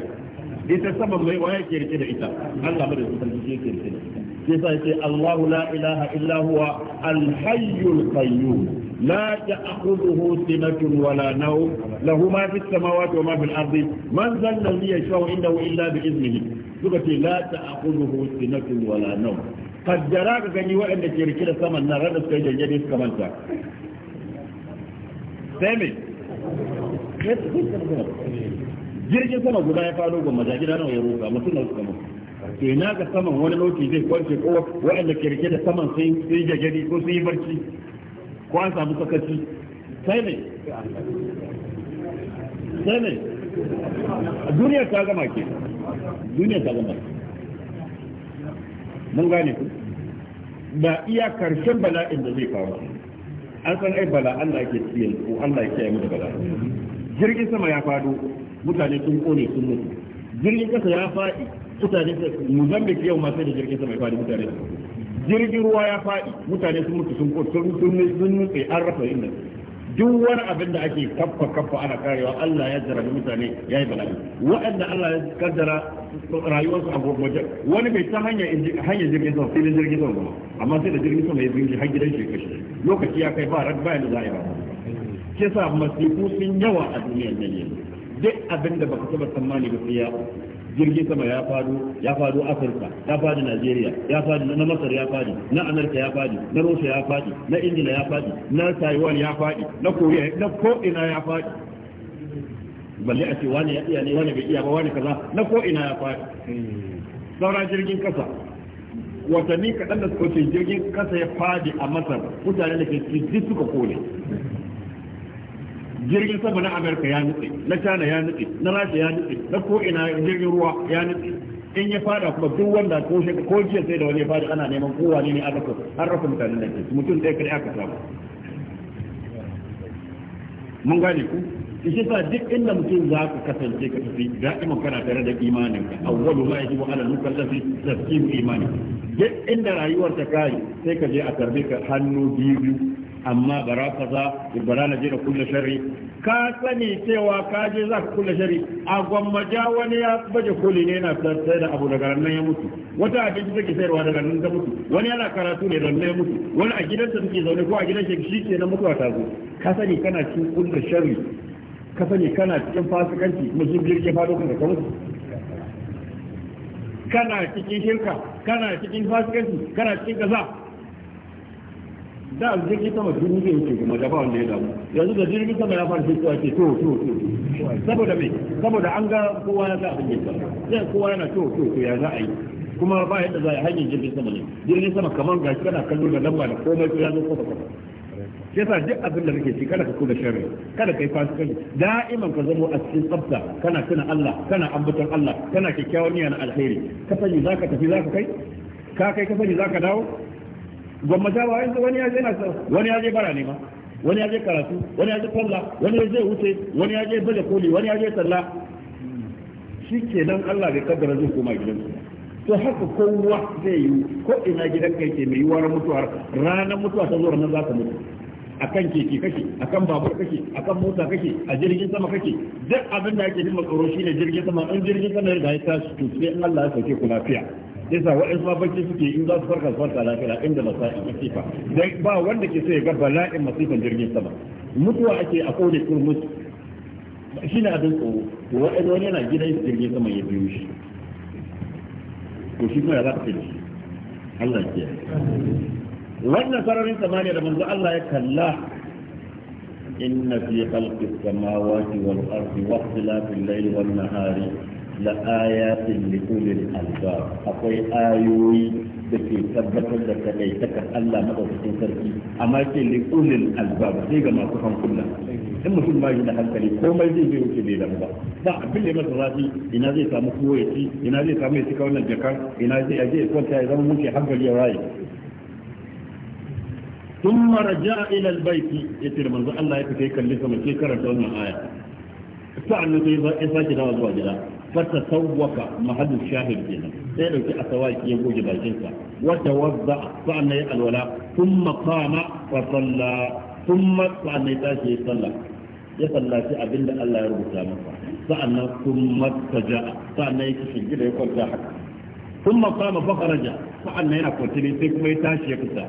ita saboda mai waya yake rike da ita Allah madaukakin sarki yake rike da ita sai sai ce Allahu la ilaha illa huwa al-hayyul qayyum la ta'khudhuhu sinatun wa la nawm lahu ma fis samawati wa ma fil ardi man zal illa bi iznihi suka ce la ta'khudhuhu sinatun wa nawm kaddara ga gani waɗanda ke rike da saman nan rada suka yi janye suka manta sai me jirgin sama guda ya falo gwamma jajira nawa ya roka mutum na suka ke na ga saman wani lokaci zai kwance ko waɗanda ke rike da saman sai yi jagari ko sai barci ko an samu sakaci sai ne sai ne duniya ta gama ke duniya ta gama mun gane ku ba iya karshen bala'in da zai faru an san ai bala Allah yake tsiye ko Allah yake yi mu da bala jirgin sama ya fado mutane sun kone sun mutu jirgin kasa ya faɗi mutane su muzambik yau masu da jirgin sama ya faɗi mutane jirgin ruwa ya faɗi mutane sun mutu sun kotun sun sun nutse an rasa inda duk wani abin da ake kaffa kaffa ana karewa Allah ya jarabi mutane ya yi bala'i waɗanda Allah ya kaddara rayuwarsu a gurgurje wani bai ta hanya hanya jirgin sama filin jirgin sama amma sai da jirgin sama ya binci har gidan shi kashi lokaci ya kai ba ran bayan da za a yi ba kisa masifu sun yawa a duniyar nan yanzu duk abin da baka taba tsammani ba sai ya jirgin sama ya fado ya fado afirka ya fado najeriya ya fado na masar ya fadi na amurka ya fadi na rusa ya fadi na indila ya fadi na taiwan ya fadi na koriya na ko ina ya fadi balle a ce wani ya iya ne wani bai iya ba wani kaza na ko ina ya fadi saura jirgin kasa watanni kaɗan da suka ce jirgin kasa ya fadi a masar mutane da ke cikin suka kone jirgin sama na amerika ya nutse na china ya nutse na rasha ya nutse na ko ina jirgin ruwa ya nutse in ya fada kuma duk wanda ko shi ko shi sai da wani ya fada ana neman kowa ne a rasa an rafa mutanen nan mutum ɗaya kai aka samu mun gane ku shi sa duk inda mutum za ka kasance ka tafi iman kana tare da imanin ka awwalu ma yajibu da mukallafi tasdiqu imani duk inda rayuwar ta kai sai ka je a tarbe ka hannu biyu amma bara kaza bara na je da kulle sharri ka sani cewa ka je za ka kulle sharri a gwammaja wani ya baje koli ne na sai da abu daga nan ya mutu wata abinci take sayarwa daga nan ta mutu wani yana karatu ne daga nan ya mutu wani a gidansa take zaune ko a gidan shi ke na mutuwa ta zo ka sani kana cikin kulle sharri ka sani kana cikin fasikanci mutum jirgin fado kanka ka mutu kana cikin shirka kana cikin fasikanci kana cikin gaza da jirgin sama jirgin zai wuce kuma da ba wanda ya damu yanzu da jirgin sama ya fara fitowa ke to to to saboda me saboda an ga kowa ya ga abin da sai kowa yana to to to ya za a yi kuma ba yadda za a yi hanyar jirgin sama ne jirgin sama kamar gashi kana kallo da lamba da komai ko ya zo kofa kofa yasa duk abin da kake ci kada ka kula sharri kada kai fasikanci da'iman ka zamo a cikin tsafta kana tuna Allah kana ambaton Allah kana kyakkyawan niyya na alheri ka sani zaka tafi zaka kai ka kai ka sani zaka dawo gwamnati ba wani ya je na wani ya je bara ne ma wani ya je karatu wani ya je falla wani ya je wuce wani ya je baje koli wani ya je talla shi kenan Allah bai kaddara zai koma gidansu to haka kowa zai yi ko ina gidan kai ke mai yiwuwar mutuwar ranar mutuwa ta zo ranar za ta mutu akan keke kake akan babur kake akan mota kake a jirgin sama kake duk abin da ake jin matsoro shine jirgin sama in jirgin sama ya riga ya tashi to sai Allah ya sauke ku lafiya yasa wa'in ma suke in za su farka su farka lafiya inda masa'i masifa dan ba wanda ke sai ya ga bala'in masifan jirgin sama mutuwa ake a kone kurmus shi ne abin tsoro to wa'in wani yana gidan jirgin sama ya biyo shi to shi kuma ya za ka fi Allah ya wannan sararin samaniya da manzo Allah ya kalla Inna samawati wal ardi wa ikhtilafil layli wan nahari la ayatin li ulil akwai ayoyi da ke tabbatar da kadai takar Allah madaukakin sarki amma ke li ulil albab sai masu hankula in mutum ba shi da hankali komai zai zai wuce bai damu ba ba abin da ya masa zafi ina zai samu kowa ya ci ina zai samu ya hankali ya raye ثم رجع الى البيت يتر منذ الله يفتي كلفه من كرة wannan aya sa'an nan sai ya sake dawo zuwa gida fata sauwaka mahallin shahid din sai dauki asawaki ya goge bakinsa wata wazza sa'anna ya alwala kuma qama wa salla kuma sa'anna ya tashi ya salla ya sallaci abinda Allah ya rubuta masa sa'annan kuma taja sa'anna ya kishi gida ya kwanta haka kuma qama fa faraja sa'annan yana kwantini sai kuma ya tashi ya fita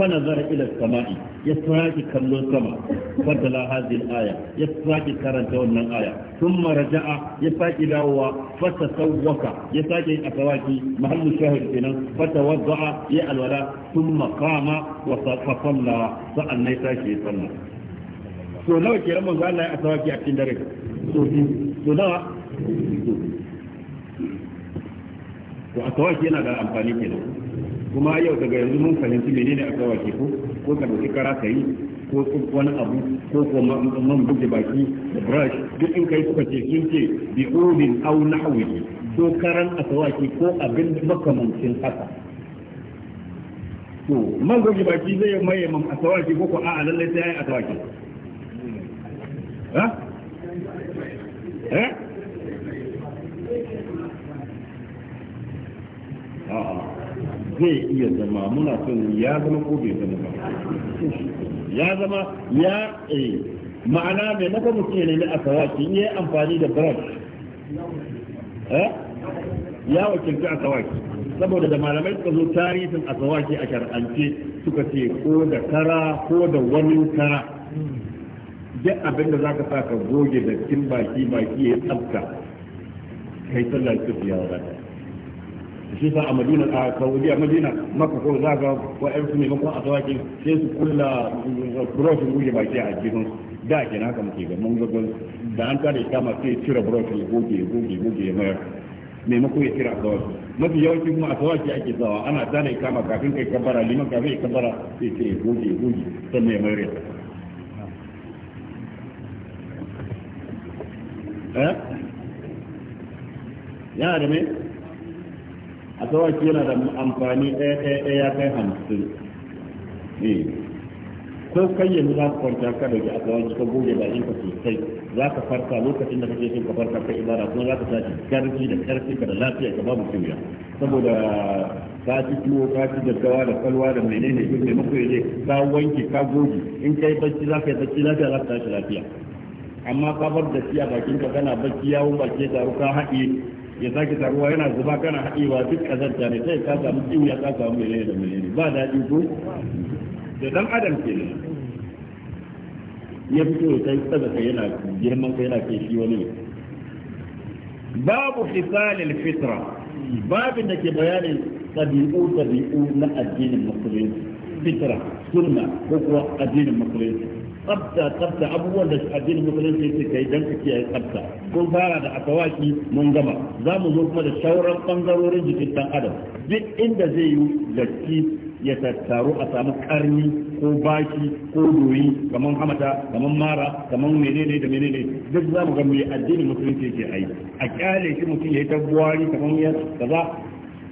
فنظر إلى السماء يسراك كل السماء فتلا هذه الآية يسراك كرنت الآية ثم رجع يسراك دعوة فتسوك يسراك أكواك محل الشاهد فينا فتوضع يألولا ثم قام فصلى فأنا يسراك يصلى so nawa ke ramar Allah ya asawaki a cikin dare so so nawa to asawaki yana da amfani kenan kuma yau daga yanzu mun fahimci menene a kawaki ko ko ka dauki kara ka yi ko wani abu ko ko man buge baki da brush duk in kai suka ce sun ce bi ulin aw nahwi ko karan a asawaki ko abin makamancin haka to man buge baki zai maye man asawaki ko ko a'a lalle sai a yi asawaki ha eh zai iya zama muna son ya zama ko bai zama ba ya zama ya eh ma'ana mai maka mutum ya nemi asawaki in yi amfani da brush eh, ya wakilci asawaki saboda da malamai suka zo tarihin asawaki a shar'ance suka ce ko da kara ko da wani kara duk abin da za ka sa ka goge da kin baki baki ya tsabta kai sallar su ya wadata shi sa a madina a saudi a madina maka ko za ga ko ai su ne ko a tawakin sai su kula eh, buroshin guje baki a jikin da ke na ka muke ga mun gaban da an kare ta ma sai cire buroshin guje guje guje ya mayar maimakon ya cire a tawaki mafi yawanci kuma a tawaki ake sawa ana tana kama kafin kai kabara liman kafin ya kabara sai ce goge goge sannan ya mayar Ya eh? da mai a tsawaki yana da amfani ɗaya ɗaya ɗaya ya kai hamsin eh. ko kai yanzu za ka kwanta ka dauki asawaki ka goge bakin ka sosai za ka farka lokacin da kake son ka farka ka ibada kuma za ka tashi karfi da karfi ka da lafiya ka babu kiwiya saboda ka ci tuwo ka ci daddawa da kalwa da menene duk mai muku yaje ka wanke ka goge in kai bacci za ka yi bacci lafiya za ka shi lafiya amma ka bar da shi a bakin ka kana bacci yawon baki ka haɗe ya sake taruwa yana zuba kana haɗewa duk kazanta ne sai ka samu ciwo ya ka samu menene da ne ba daɗi ko da dan adam ke ne ya fito ya kai tsaga kai yana girman kai yana kai shi wani babu Fisalil fitra babin da ke bayanin tabi'u tabi'u na addinin musulunci fitra sunna ko kuwa addinin musulunci tsafta tsabta abubuwan da addinin musulunci ke kai dan su kiyaye tsafta kun fara da akawaki mun gama za mu zo kuma da shauran bangarorin jikin dan adam duk inda zai yi datti ya tattaru a samu karni ko baki ko doyi kamar hamata kamar mara kaman menene da menene duk za mu ga mai addinin musulunci yake ai a kyale shi mutum ya yi tabbuwari kamar ya kaza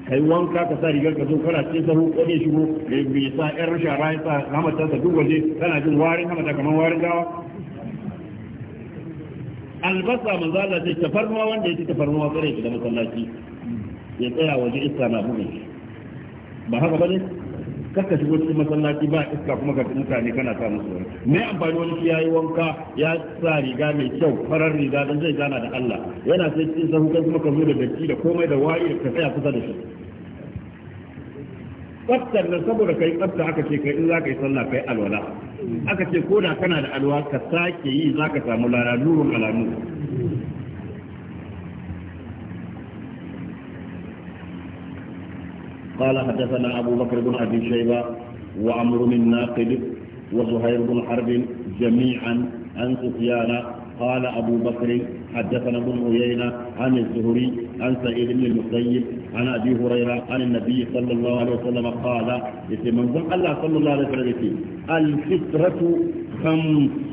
kai wanka ka sa rigar ka zo kana cikin sahu ko ne shigo bai sa yar shara ya sa hamata ta duk waje kana jin warin hamata kamar warin gawa albasa manzo Allah ce tafarnuwa wanda ya ci tafarnuwa kare ki da masallaci ya tsaya waje iska na bugun ba haka ba ne. kaka shigo cikin masallaci ba iska kuma ka mutane kana sa musu wani mai amfani wani ya yi wanka ya sa riga mai kyau farar riga dan zai gana da Allah yana sai cikin sahu kai kuma da datti da komai da wayi da ka tsaya kusa da shi tsaftar nan saboda kai tsafta aka ce kai in za ka yi sallah kai alwala aka ce ko da kana da alwa ka sake yi za ka samu lara nurun alamu قال حدثنا أبو بكر بن أبي شيبة وعمر بن ناقد وزهير بن حرب جميعا عن سفيان قال أبو بكر حدثنا ابن عيينة عن الزهري عن سعيد بن المسيب عن أبي هريرة عن النبي صلى الله عليه وسلم قال من الله صلى الله عليه وسلم الفطرة خمس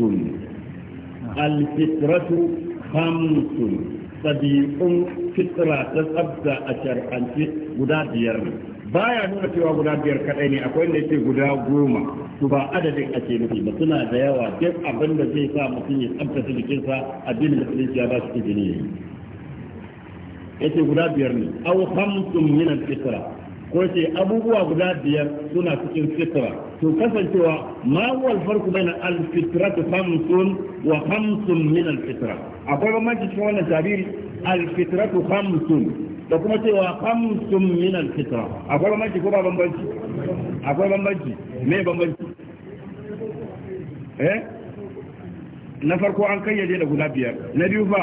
الفطرة خمس صديق فطرة تسبب أشر أنت قداد baya nuna cewa guda biyar kadai ne akwai wanda yake guda goma to ba adadin ake nufi ba suna da yawa duk abin da zai sa mutum ya tsabtace jikinsa addinin musulunci ya ba shi izini ne yake guda biyar ne aw khamsun min al-fitra ko ce abubuwa guda biyar suna cikin fitra to kasancewa ma wal farqu baina al-fitra khamsun wa khamsun min al-fitra akwai bambanci cikin wannan tabiri al-fitra khamsun da kuma cewa khamsun min al-fitra akwai bambanci ko ba bambanci akwai bambanci me bambanci eh na farko an kayyade da guda biyar na biyu fa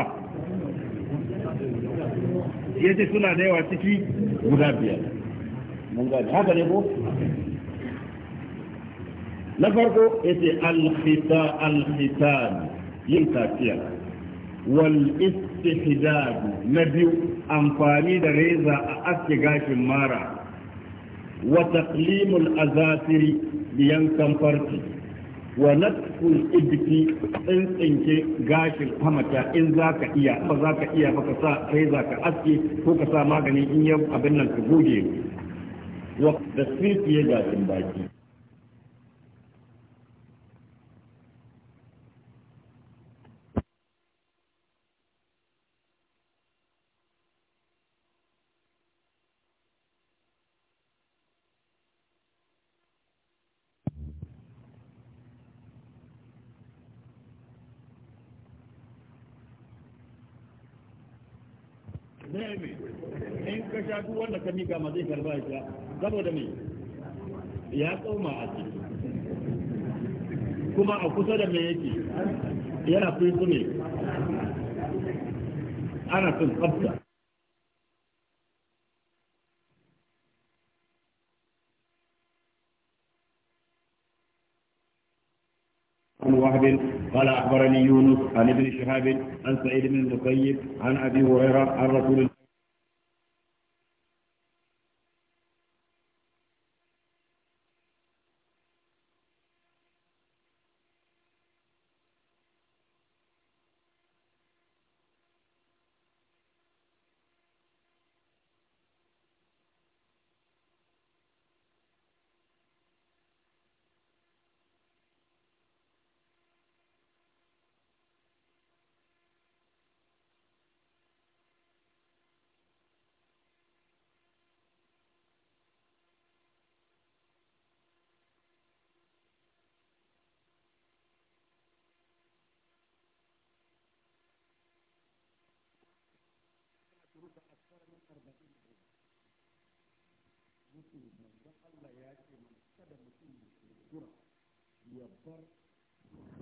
yace suna da yawa ciki guda biyar mun gani haka ne ko na farko yace al-khitan al-khitan yin tafiya. wal istihdad na biyu amfani da reza a aske gashin mara wa taqlimul azafiri biyan kamfarti wa natful ibti tsintsinke gashin hamata in za ka iya ba za ka iya ba ka sa reza ka aske ko ka sa magani in yau abin nan ka goge wa da gashin baki ka sha duk wanda ka mika ma zai karba ya saboda me ya tsoma a ciki kuma a kusa da me yake yana kunsu ne ana son tsafta عن وهب قال أخبرني يونس عن ابن شهاب عن سعيد بن المسيب عن أبي هريرة عن رسول الله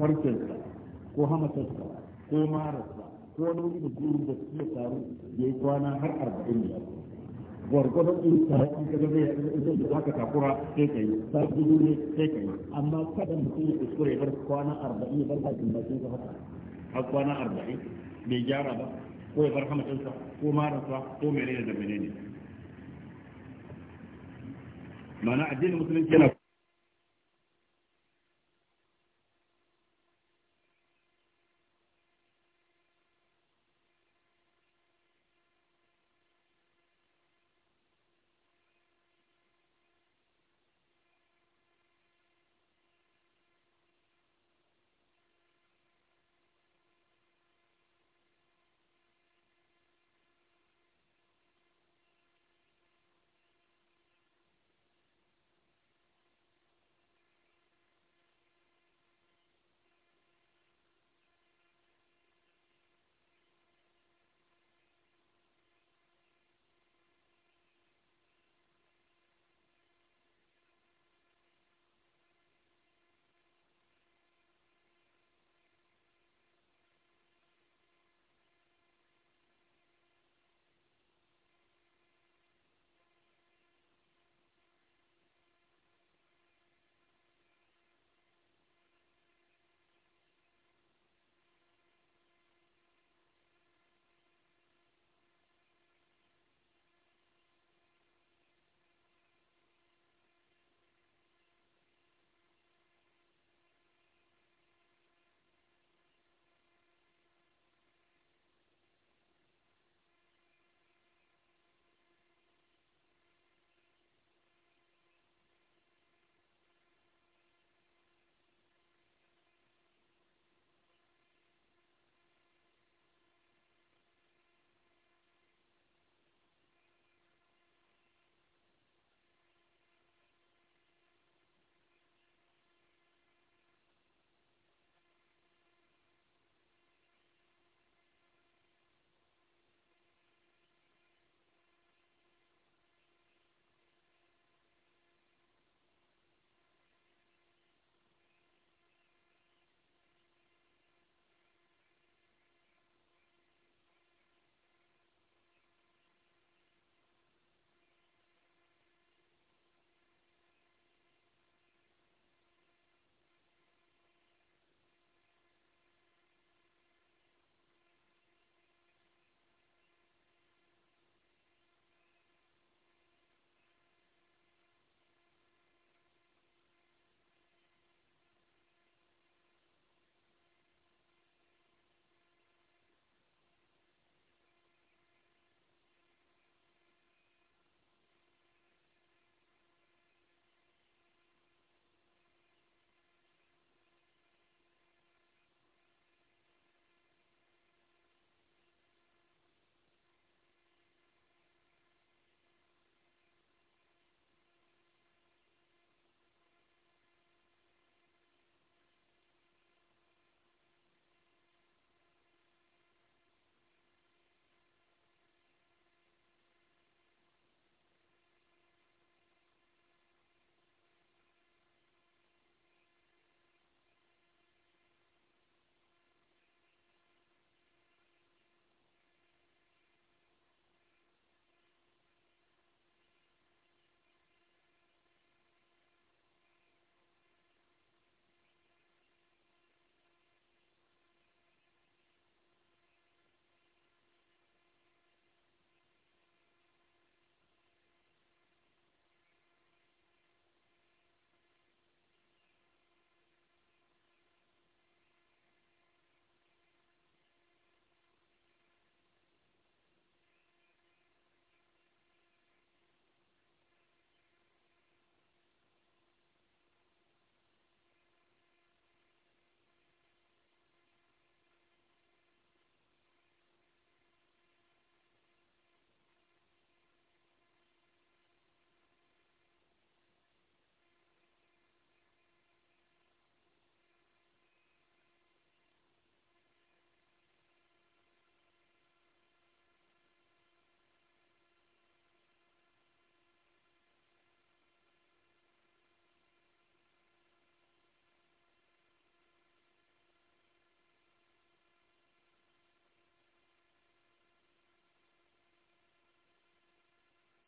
farkensa ko hamatarsa ko mararsa ko wani wani da gurin da suke taru ya yi kwana har arba'in ya gwargwadon ya fi ka zai zai da zaka takura sai ka yi ta sarki ne sai ka yi amma kada mutum ya kuskure bar kwana arba'in bar bakin bakin ka haka har kwana arba'in bai gyara ba ko ya bar hamatarsa ko mararsa ko menene da menene ma'ana addinin musulunci yana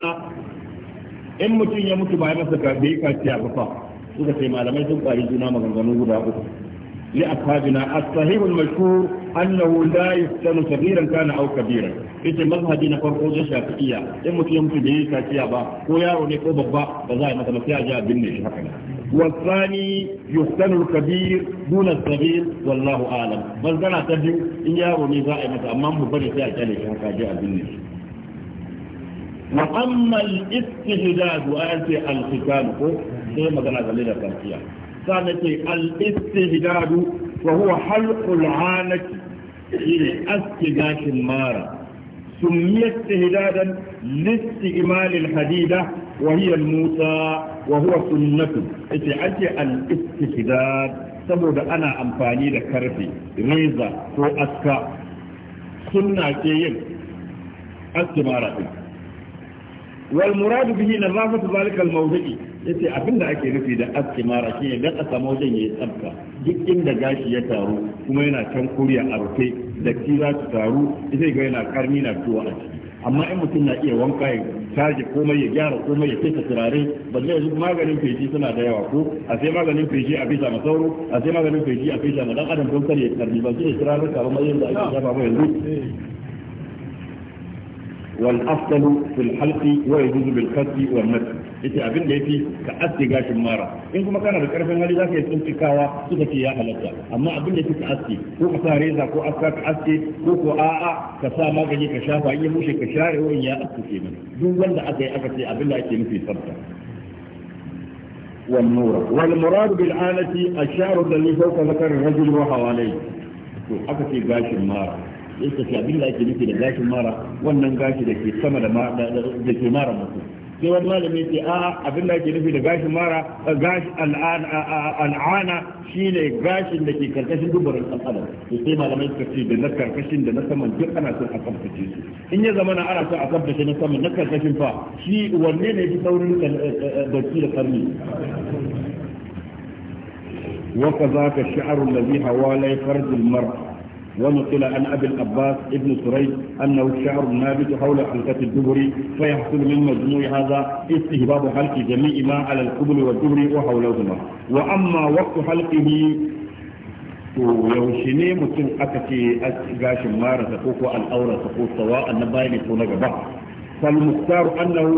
in mutum ya mutu ba ya masa bai yi kaciya ba fa suka ce malamai sun kwari juna maganganu guda uku لأصحابنا الصحيح المشهور أنه لا kana صغيرا كان أو كبيرا yace mazhabi na farko da shafi'iyya in mutum ya mutu bai yi kaciya ba ko yaro ne ko babba ba za a masa mafiya ji abin ne shi haka wasani yuftanu kabir duna sabir wallahu alam bazana ta biyu in yaro ne za a yi masa amma mu bari sai a kyale shi haka ji وأما الاستهداد وأنت الختان هي مجال غليل التركية ثالث الاستهداد وهو حلق العانة إلى أسكداش المارة سمي استهدادا لاستئمال الحديدة وهي الموسى وهو سنة أتي الاستهداد سبب أنا أمفاني da karfe reza سنة aska sunna ce wal muradu bihi na rafatu zalikal mawdu'i yace abinda ake nufi da aski shi ne dan a samu wajen yayi tsabta duk inda gashi ya taru kuma yana can kuriya a rufe da ki za ta taru zai ga yana karni na tuwa a ciki amma in mutum na iya wanka ya taje komai ya gyara komai ya fesa turare ba zai yanzu maganin feshi suna da yawa ko a sai maganin feshi a fesa ma sauro a sai maganin feshi a fesa ma dan adam don kare karbi ba shi ne turare ka ba mai ake shafa ba yanzu والأفضل في الحلق ويجوز بالخط والمد ita abin da yake ka aske gashin mara in kuma kana da karfin hali zaka yi tsintsikawa suka ce ya halatta amma abin da yake ka aske ko ka sa reza ko aska ka aske ko ko a a ka sa magani ka shafa in ya mushe ka share wurin ya aske kenan duk wanda aka yi aka ce abin da ake nufi tsafta والنور والمراد fawqa zakar rajul wa hawalai to aka ce gashin mara yake ce abin da ake nufi da gashin mara wannan gashi da ke sama da da ke mara mutum sai wani malami ce a abin da ake nufi da gashin mara gashi al'ana shine gashin da ke karkashin dubarin al'adar to sai malamai suka ce da na karkashin da na saman duk ana son a tsaftace su in ya zama na ana son a tsaftace na saman na karkashin fa shi wanne ne fi saurin datti da karni وكذاك الشعر الذي حوالي فرد المرأة ونقل عن ابي العباس ابن سريج انه الشعر النابت حول حلقه الدبر فيحصل من مجموع هذا استهباب حلق جميع ما على القبل والدبر وحولهما واما وقت حلقه to yaushe ne mutum aka ce gashin marasa ko ko al'aurarsa ko sawa na فالمختار أنه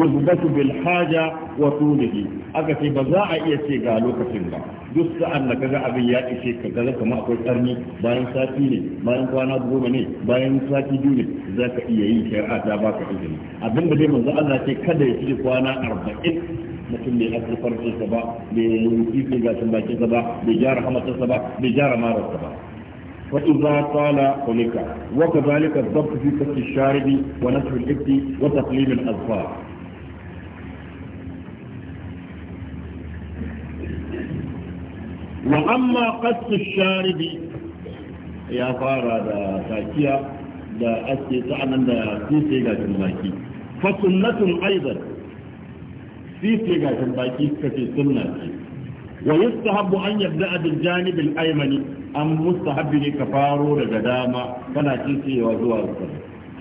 يثبت بالحاجة وطوله أكثر بزاعة يسي قالوا كثيرا جس أن كذا أبي يأتي كذا كما أقول أرني باين ساتيني باين كوانا بغومني باين ساتي جوني ذاك إيهي شرعات لا باك إذن أبن بدي من ذا الله كذا يسي كوانا أربعين mutum bai asir farce ba bai yi ga tumbace ba bai gyara hamatarsa ba bai gyara mararsa ba فإذا طال خلق وكذلك الضبط في كف الشارب ونسف الإبت وتقليل الأظفار وأما قص الشارب يا فارا دا تاكيا دا أسي سعنا دا سيسي دا جنباكي فسنة أيضا سيسي دا جنباكي كفي سنة wa yustahabbu an yabda'a bil janib al aymani an mustahabbi ne ka faro daga dama kana cewa zuwa zuwa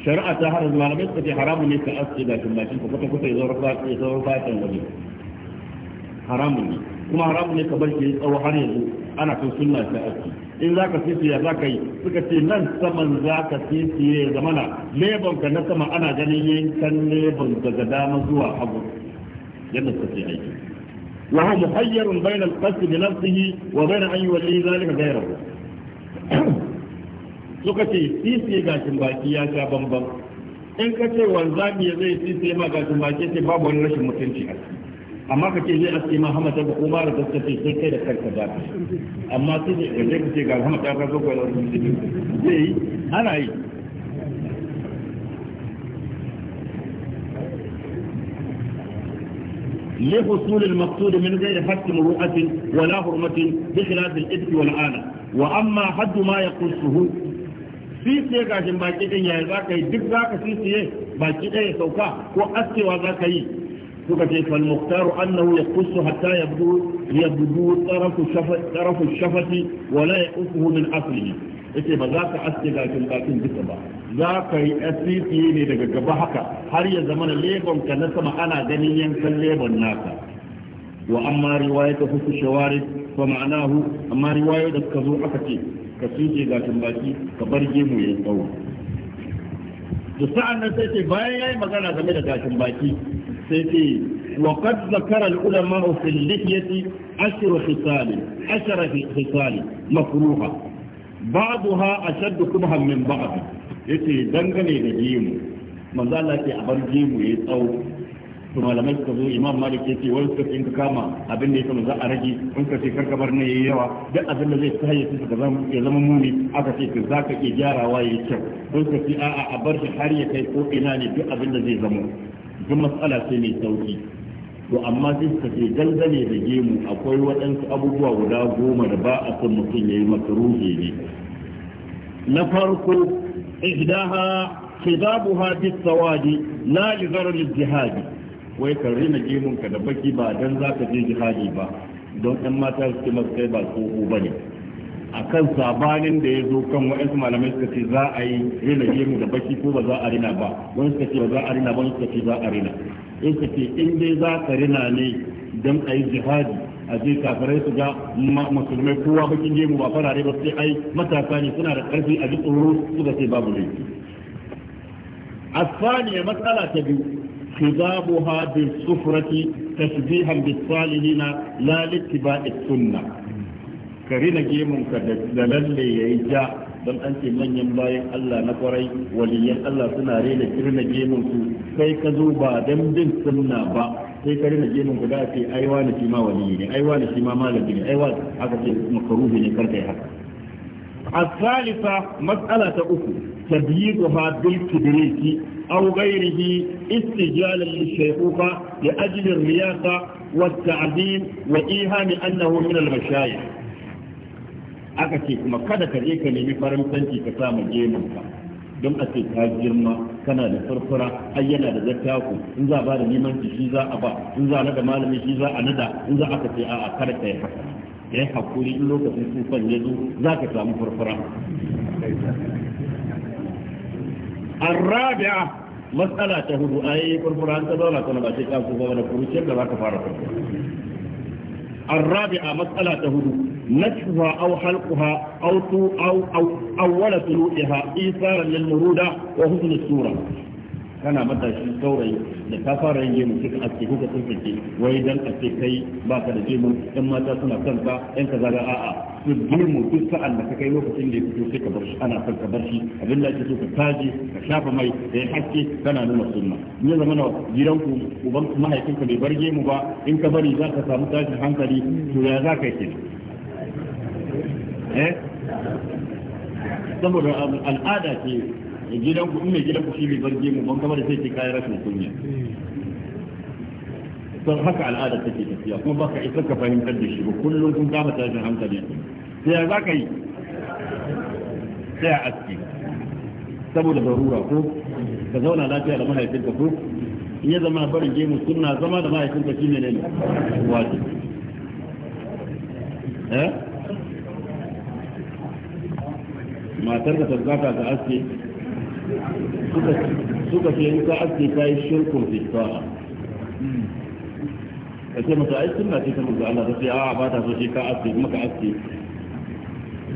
shari'a ta haram malamai suka haramun ne ka aske da tumbacin ka kwata kwata ya zaura fatan waje haramun ne kuma haramun ne ka bar shi tsawo aski in zaka zaka yi suka ce nan saman zaka sisiye zamana lebon ka na sama ana ganin yankan lebon daga dama zuwa hagu yadda suka ce aiki وهو مخير بين القتل بنفسه وبين أن يولي ذلك غيره suka ce sisi gashin baki ya sha bambam in ka ce wanzami ya zai sisi ma gashin babu wani rashin mutunci a amma ka ce zai aske ma hama ta ko da ta ce sai kai da karka ba amma sai ce ga ta zo ko zai yi ana yi لحصول المقصود من غير حد مروءه ولا حرمه بخلاف الإذك والعالة وأما حد ما يقصه في سيئة كاشم باكيكي يا إباكي دك باك في سيئة باكيكي يسوكا وأسي وذاكي فكتي فالمختار أنه يقص حتى يبدو يبدو طرف الشفة, طرف الشفة ولا يقصه من أصله yake ba za ka aske bakin bakin duka ba za ka yi asisi ne daga gaba haka har ya zama na lebon ka na sama ana ganin yankan lebon naka wa amma riwaya ta husu shawari fa ma'anahu amma riwaya da suka zo aka ce ka suke bakin baki ka bar gemu ya tsawo da sa'an nan sai ce bayan yi magana game da gashin baki sai ce وقد ذكر العلماء في اللحية عشر خصال ashara hisali makruha babu ha ba'daha ashaddu kubhan min ya yace dangane da jimu manzo Allah ce a bar jimu yayi tsawo to malamai suka zo imam malik ya ce wani suka in kama abin da ya kama za a rage wani ka ce karka bar ne yayi yawa duk abin da zai sa ya zama muni aka ce ka zaka iya gyarawa yayi kyau wani ka ce a'a a bar shi har ya kai ko ina ne duk abin da zai zama duk mas'ala ce mai sauki to amma sai suka ce dangane da gemu akwai waɗansu abubuwa guda goma da ba a son mutum ya yi makaruhi ne na farko ihdaha khidabuha bis sawadi la yuzar lil jihadi wai ka rina gemun ka da baki ba dan zaka je jihadi ba don ɗan mata suke masu kai ba ko ko bane akan sabanin da ya zo kan waɗansu malamai suka ce za a yi rina gemu da baki ko ba za a rina ba wani suka ce ba za a rina ba wani suka ce za a rina in suka ce in dai za ka rina ne don a yi jihadi a je kafirai su ga musulmai kowa bakin gemu ba farare ba sai ai matasa ne suna da ƙarfi a ji tsoro suka ce babu laifi. matsala ta biyu. خضابها بالسفرة تشبيها بالصالحين لا لاتباع sunna kari na gemunka da lalle ya yi ja don an ce manyan bayan Allah na kwarai waliyan Allah suna rena na gemunsu sai ka zo ba don bin sunna ba sai kari na gemunka da ce ai wani shi ma waliyi ne ai wani shi ma malami ne ai wani haka ce makaruhi ne karka yi haka الثالثة مسألة أخرى تبييضها بالكبريت أو غيره استجالا للشيخوخة لأجل الرياقة والتعظيم وإيهام أنه من المشايخ aka ce kuma kada ka je ka nemi faransanci ka sa ma gemun ka don a ce ka girma kana da farfara ai yana da zattaku in za ba da limanci shi za a ba in za a da malami shi za a nada in za aka ce a'a kada ka yi haka kai hakuri in lokacin tsufan ya zo za ka samu farfara الرابعة مسألة تهب أي فرفران تدولة تنبع شيء كافو فوانا كروشير لذاك فارق الرابعة مسألة تهب نتفها أو حلقها أو, تو أو, أو أول طلوعها إيثارا للمرودة وحسن الصورة kana matashi saurayi da ka fara yin gemu suka aske kuka wai dan aske kai ba ka da gemu yan mata suna son ka yan ka zaga a'a su gemu duk sa'an da ka kai lokacin da ya fito sai ka ana son ka bar abin da ake so ka taje ka shafa mai da ya haske kana nuna sunna ya zama gidan ku bai bar gemu ba in ka bari za ka samu tashin hankali to za ka yi Eh? saboda um, al'ada ce gidan ku mai gidan ku shi ne bar gemu ban kamar da sai ke kayan rashin kunya don haka al'ada take tafiya kuma baka isa ka fahimtar da shi ba kullum kun kama tashin hankali sai ya ka yi sai a aski saboda barura ko ka zauna lafiya da mahaifinka ko in ya zama barin gemu suna zama da mahaifinka shi ne ne wajen. matar da tabbata ga aske suka ce in ka aske ta yi shirkun fita'a a ce masu ai suna ce ta manzo Allah ta ce a ba ta so shi ka aske kuma ka aske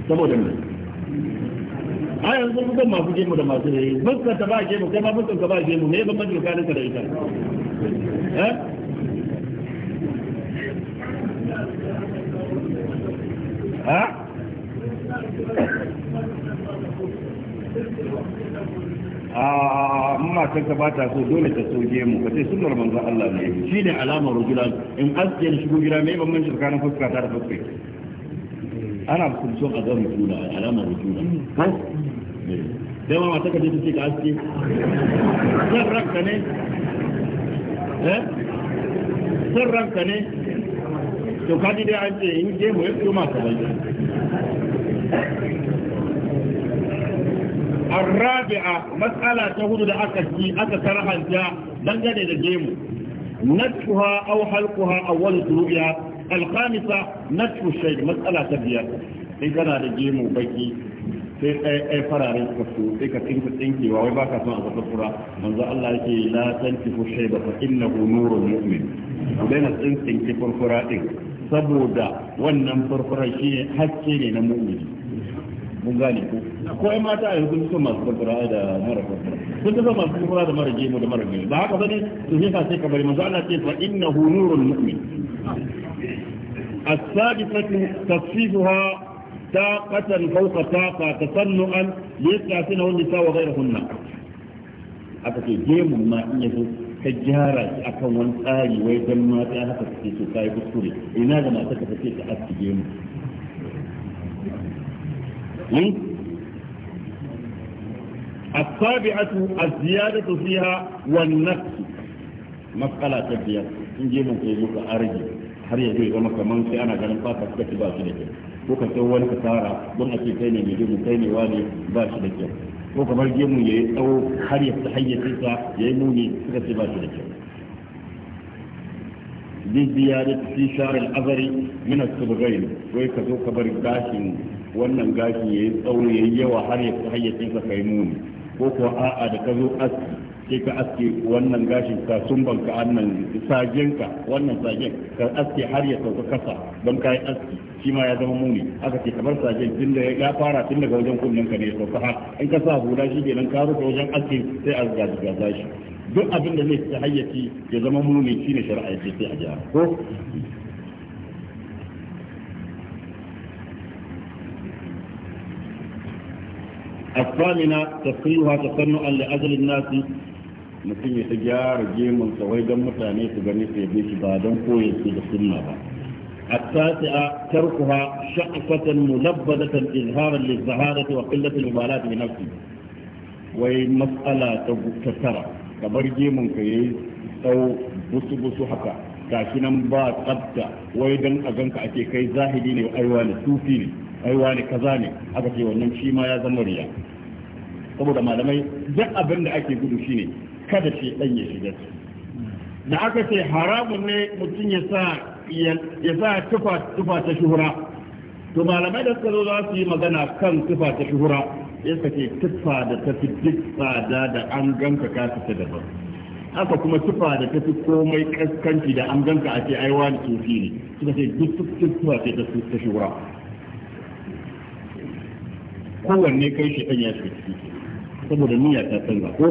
saboda mai. a yanzu kuka masu gemu da masu yayi fuskar ta ba a gemu kai ma fuskar ka ba a gemu me ban majalika tsakanin ka da ita eh ha amma matan ka bata so dole ta soke mu kace sunnar manzo Allah ne ne alama rujula in aske da shigo gida mai bambanci tsakanin fuska ta da fuska ana kullum a ga rujula alama rujula dai aske eh? ranka ne to kadi dai an in je mu yi kuma ka الرابعة مسألة تهود أكسي أكسرها الجاء دنجد الجيم نتفها أو حلقها أول طلوعها الخامسة نتف الشيء مسألة تبيا إن كان الجيم بيكي sai ɗaya fararen suka su sai ka tinka tsinki wa wai baka son a zaka manzo Allah yake la tantifu shayba fa innahu nurul mu'min ku daina tsinki furfura din saboda wannan furfura shi haske ne na mu'mini mun gane ko ko ai mata a yanzu sun masu kurkura da mara kurkura sun san masu kurkura da mara gemu da mara gemu ba haka bane to sai ka sai ka bari manzo Allah ce fa innahu nurul mu'min as-sadifatu tasfihuha taqatan fawqa taqa tasannuan liyasnahu nisa wa ghayrihunna aka ce gemun ma in yazo ka gyara shi akan wani tsari wai dan mata haka suke so kai kuskure ina ga mata ka take ta aski gemu ni السابعة الزيادة فيها والنقص مسألة تبيا إن جيبا كيزوك أرجي har ya zai zama kamar sai ana ganin fata suka ci ba shi da kyau ko ka sau wani kasara don a ce kai ne mai gemu kai ne wani ba shi da kyau ko kamar gemu ya yi tsawo har ya ta sa ya yi muni suka ce ba shi da kyau bi ziyarati fi shahr al-azari min as wai ka zo ka bar gashin wannan gashin yayi ya yayi yawa har ya hayyacin sa kai muni ko ko a'a da ka zo aski sai ka aske wannan gashin ka sun banka annan sajen ka wannan sajen ka aske har ya sauka kasa don kai aski shi ma ya zama muni aka ce kamar sajen tun da ya fara tun daga wajen kunnen ka ne ya sauka har in ka sa hula shi kenan ka rufe wajen aski sai a ga gaza shi duk abin da zai ta hayyaci ya zama muni shine shari'a ce sai a jihar ko الثامنة تسخيرها تصنعا لأجل الناس mutum ya ta gyara gemun wai don mutane su gani su yabe shi ba don koyi su da sunna ba a tasi a tarkuwa sha'afatan mulabbadatan izharan lizaharati wa qillatil mubalati min nafsi wai mas'ala ta tattara kamar gemun ka yayi tsawo busu haka kashi nan ba tsabta wai dan a ganka ake kai zahiri ne aiwa ne sufi ne ai wani kaza ne aka ce wannan shi ma ya zama riya saboda malamai duk abin da ake gudu shine kada shi dan ya shiga da aka ce haramun ne mutum ya sa ya sa tufa tufa ta shuhura to malamai da suka zo za su yi magana kan tufa ta shuhura ya sake tufa da ta fi duk tsada da an ganka ka fita daban haka kuma tufa da ta fi komai kaskanci da an ganka a ce ai wani sufi ne suka ce duk tufa ta shuhura Kuwanne kai shi kan ya shiga ciki saboda ni ya tafi zaɓo?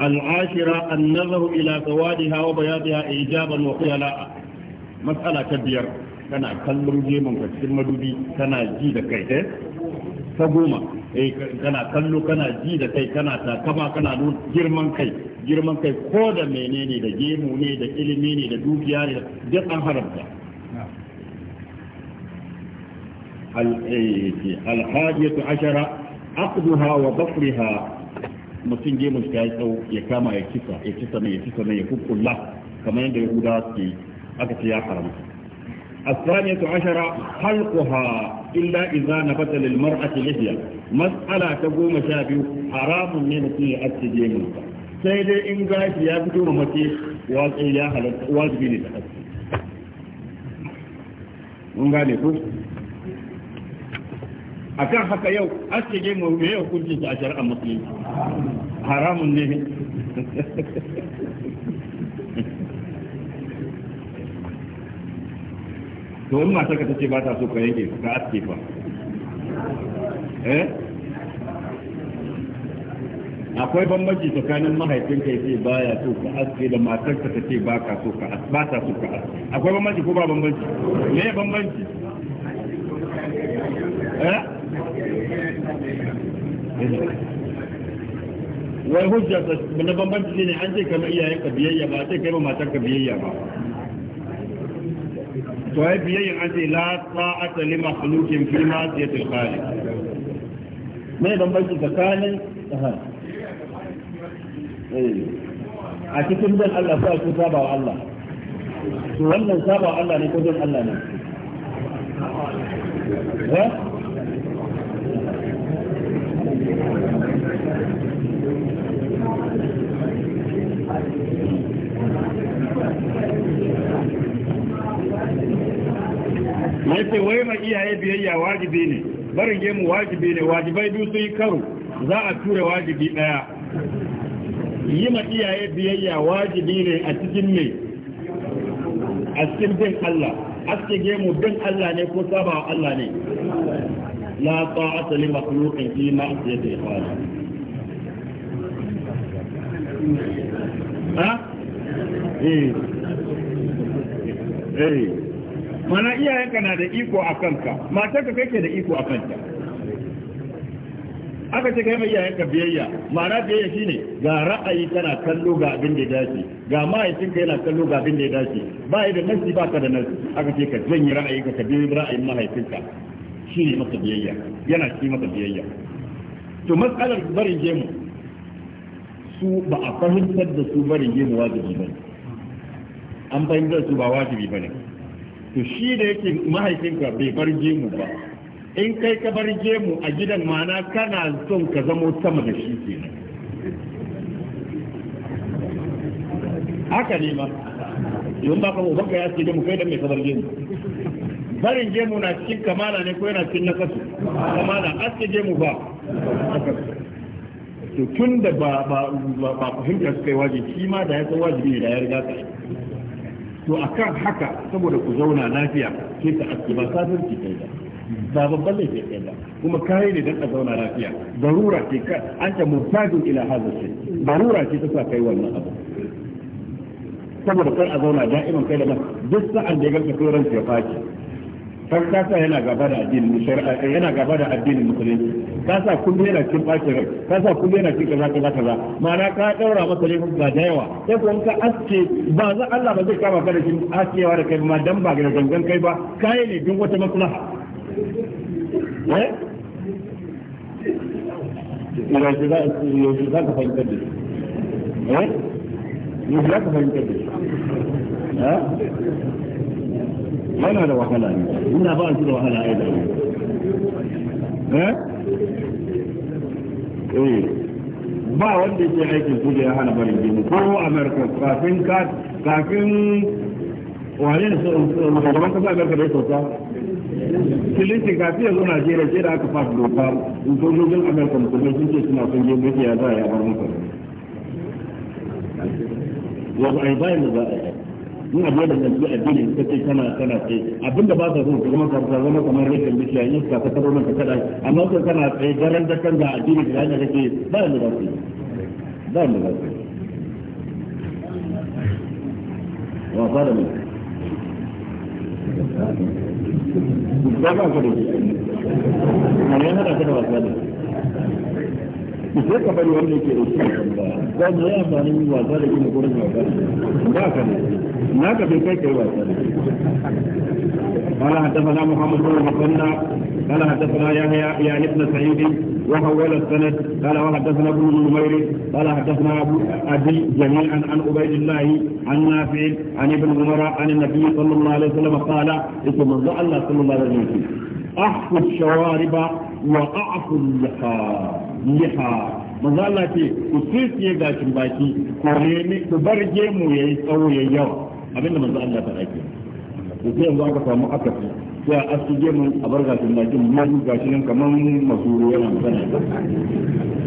Al'ashira an nazaru ila ka waɗi hawa bayan biyar e, ja ban waɗi yala'a. ta biyar kana kallon neman fashin madubi kana ji da kai, taya? Eh? Ta goma ɗaya eh, kana kallo kana ji da kai, kana sakama, kana don girman kai. Girman kai ko da menene da gemu ne da ilimi ne da dukiya ne don an haramta? alhajiyatu عشرة أقضها وضفرها dafriha mutum je mu ta tsawo ya kama ya kisa ya kisa mai ya kisa mai ya kukkulla kamar yadda yahuda ke aka ce ya haramta الثانية عشرة حلقها إلا إذا نبت للمرأة لحية مسألة تقوم شابه حرام من في السجين sai dai in gashi ya fito ma mace wajibi ne ta akan haka yau aske mu me yau kuncin a shari'ar musulunci haramun ne to in mata ka tace ba ta so ka yanke ka aske fa eh akwai bambanci tsakanin mahaifinka ba baya so ka aske da matarka ta ce ba ka so ka aske ba ta so ka aske akwai bambanci ko ba bambanci me bambanci eh wai hujja na bambanci ne an ce kama iyayen ka biyayya ba a ce kai ma matar ka biyayya ba to ai biyayyan an ce la ta'ata li makhluqin fi ma'siyatil khaliq mai bambanci tsakanin a cikin dan Allah sai ku saba wa Allah to wannan saba wa Allah ne ko dan Allah ne Mai ce wai ma iyaye biyayya wajibi ne barin gemu wajibi ne wajibai biyu yi karo za a tura wajibi ɗaya yi ma iyaye biyayya wajibi ne a cikin mai a cikin bin Allah aske gemu bin Allah ne ko saba wa Allah ne la ta'ata li makhluqin fi ma'siyati khaliq ha eh eh mana iyayenka na da iko a kanka matarka kake da iko a kanta aka ce kai mai iyayenka biyayya ma'ana biyayya shine ga ra'ayi kana kallo ga abin da ya dace ga mahaifinka yana kallo ga abin da ya dace ba yi da nasi ba ka da nasi aka ce ka janye ra'ayi ka biyo ra'ayin mahaifinka shi ne masa biyayya yana shi maka biyayya to matsalar barin jemu su ba a fahimtar da su barin jemu wajibi ba an fahimtar su ba wajibi ba ne to shi da yake mahaifinka bai bar gemu ba in kai ka bar gemu a gidan mana kana son ka zamo sama da shi kenan haka ne ma yun ba ka ubanka ya ce gemu kai da mai ka bar gemu barin gemu na cikin kamala ne ko yana cikin kasu kamala aske gemu ba to tun da ba ba ba fahimta suka yi wajibi shi ma da ya san wajibi ne da ya riga ka to a kan haka saboda ku zauna lafiya ke ka aski ba kafirci kai ba ba babban laifi kai ba kuma kai ne dan ka zauna lafiya darura ce ka an ta mutajin ila hadha shi darura ce ta sa kai wannan abu saboda kar a zauna da'iman kai da duk sa'an da ya ga tsoron ya faki. kan kasa yana gaba da addinin shari'a eh, yana gaba da addinin musulunci kasa kullu yana cikin bakin rai kasa kullu yana cikin kaza kaza kaza ma'ana ka daura masa laifin ga da yawa sai kuma ka aske ba za Allah ba zai kama ka da shi askewa da kai ma dan ba ga gangan kai ba kai ne duk wata maslaha eh ina ji za ka fahimtar da eh ni za ka fahimtar da eh yana da wahala ne ina ba shi da wahala eh? eh ba wanda yake aikin kuje ya hana barin ko kafin kafin wani ne kasa da kafin yanzu Najeriya da aka fasa doka in sojojin musulmai sun ce suna za a yi za a yi in abu da a addini ka ce tana tana ce abinda ba ka so ka zama zama kamar rikin bishiya in ka ka taro ka kada amma ka tana tsaye garan da kan da addini da yana kake ba ni ba ku ba ni ba ku wa ba da mu ba ba ka da shi ne hada ka da wasa da ku sai ka bari wanda yake da shi ba mu ya amfani mu wasa da gina gurin wasa ba ka ne na ka bai kai kai wasa da قال حدثنا محمد بن المثنى قال حدثنا يحيى يا ابن سعيد وحول السند قال وحدثنا ابن نمير قال حدثنا ابو ابي جميعا عن عبيد الله عن نافع عن ابن عمر عن النبي صلى الله عليه وسلم قال اسم الله صلى الله عليه وسلم احفظ الشوارب واعفو اللقاء liha manzo Allah ce ku tsiye gashin baki ku ne ku bar gemu yi tsawo yi yawa abinda manzo Allah ta ake ku sai yanzu aka samu fi sai a aski gemu a bar gashin baki mun gashi nan kamar ruwa yana magana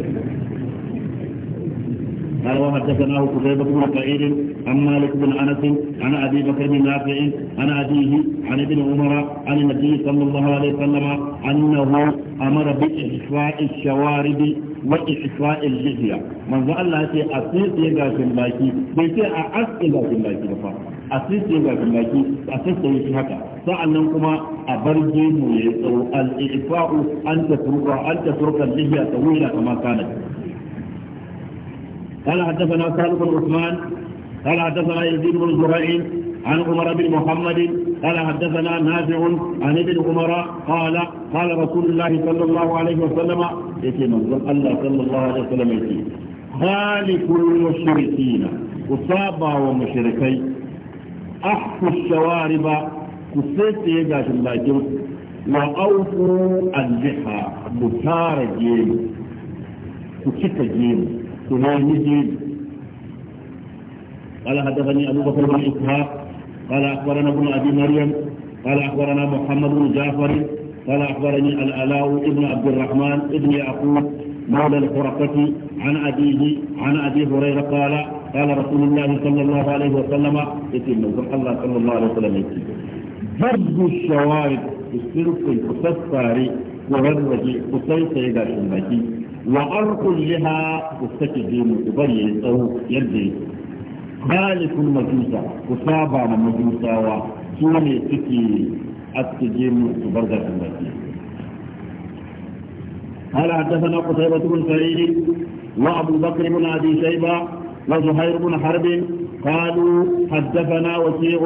قال وحدثناه قتيبة بن سعيد عن مالك بن انس عن ابي بكر بن نافع عن ابيه عن ابن عمر عن النبي صلى الله عليه وسلم انه امر باحفاء الشوارب واحفاء اللحيه من ذا الله يتي اسيس يغاشن باكي بيتي اسيس يغاشن باكي بفا asisi ya ga baki a sassaye shi haka sa'annan kuma a bar gemu ya yi tsaro al-ifa'u an tasruka an tasruka lihiya tawila kama kana قال حدثنا سالم بن عثمان قال حدثنا يزيد بن زريع عن عمر بن محمد قال حدثنا نافع عن ابن عمر قال قال رسول الله صلى الله عليه وسلم يتي الله صلى الله عليه وسلم يتي خالق المشركين أصابا ومشركي أحفوا الشوارب كسيت يجاش الباكين وأوفوا اللحى بتار جيم كتك جيم السميمي قال حدثني أبو بكر بن إسحاق قال أخبرنا ابن أبي مريم قال أخبرنا محمد بن جعفر قال أخبرني الألاء ابن عبد الرحمن ابن يعقوب مولى الخرقتي عن أبيه عن أبي هريرة قال قال رسول الله صلى الله عليه وسلم يتم الله صلى الله عليه وسلم ضرب الشوارب السرق القصص الساري ورد قصيصة إذا شمبكي وغرق لها مستكبين يبين أو يدي ذلك المجوسة وصابع من مجوسة وسوني تكي السجين تبرد المجوسة قال حدثنا قتيبة بن سعيد وأبو بكر بن أبي شيبة وزهير بن حرب قالوا حدثنا وسيع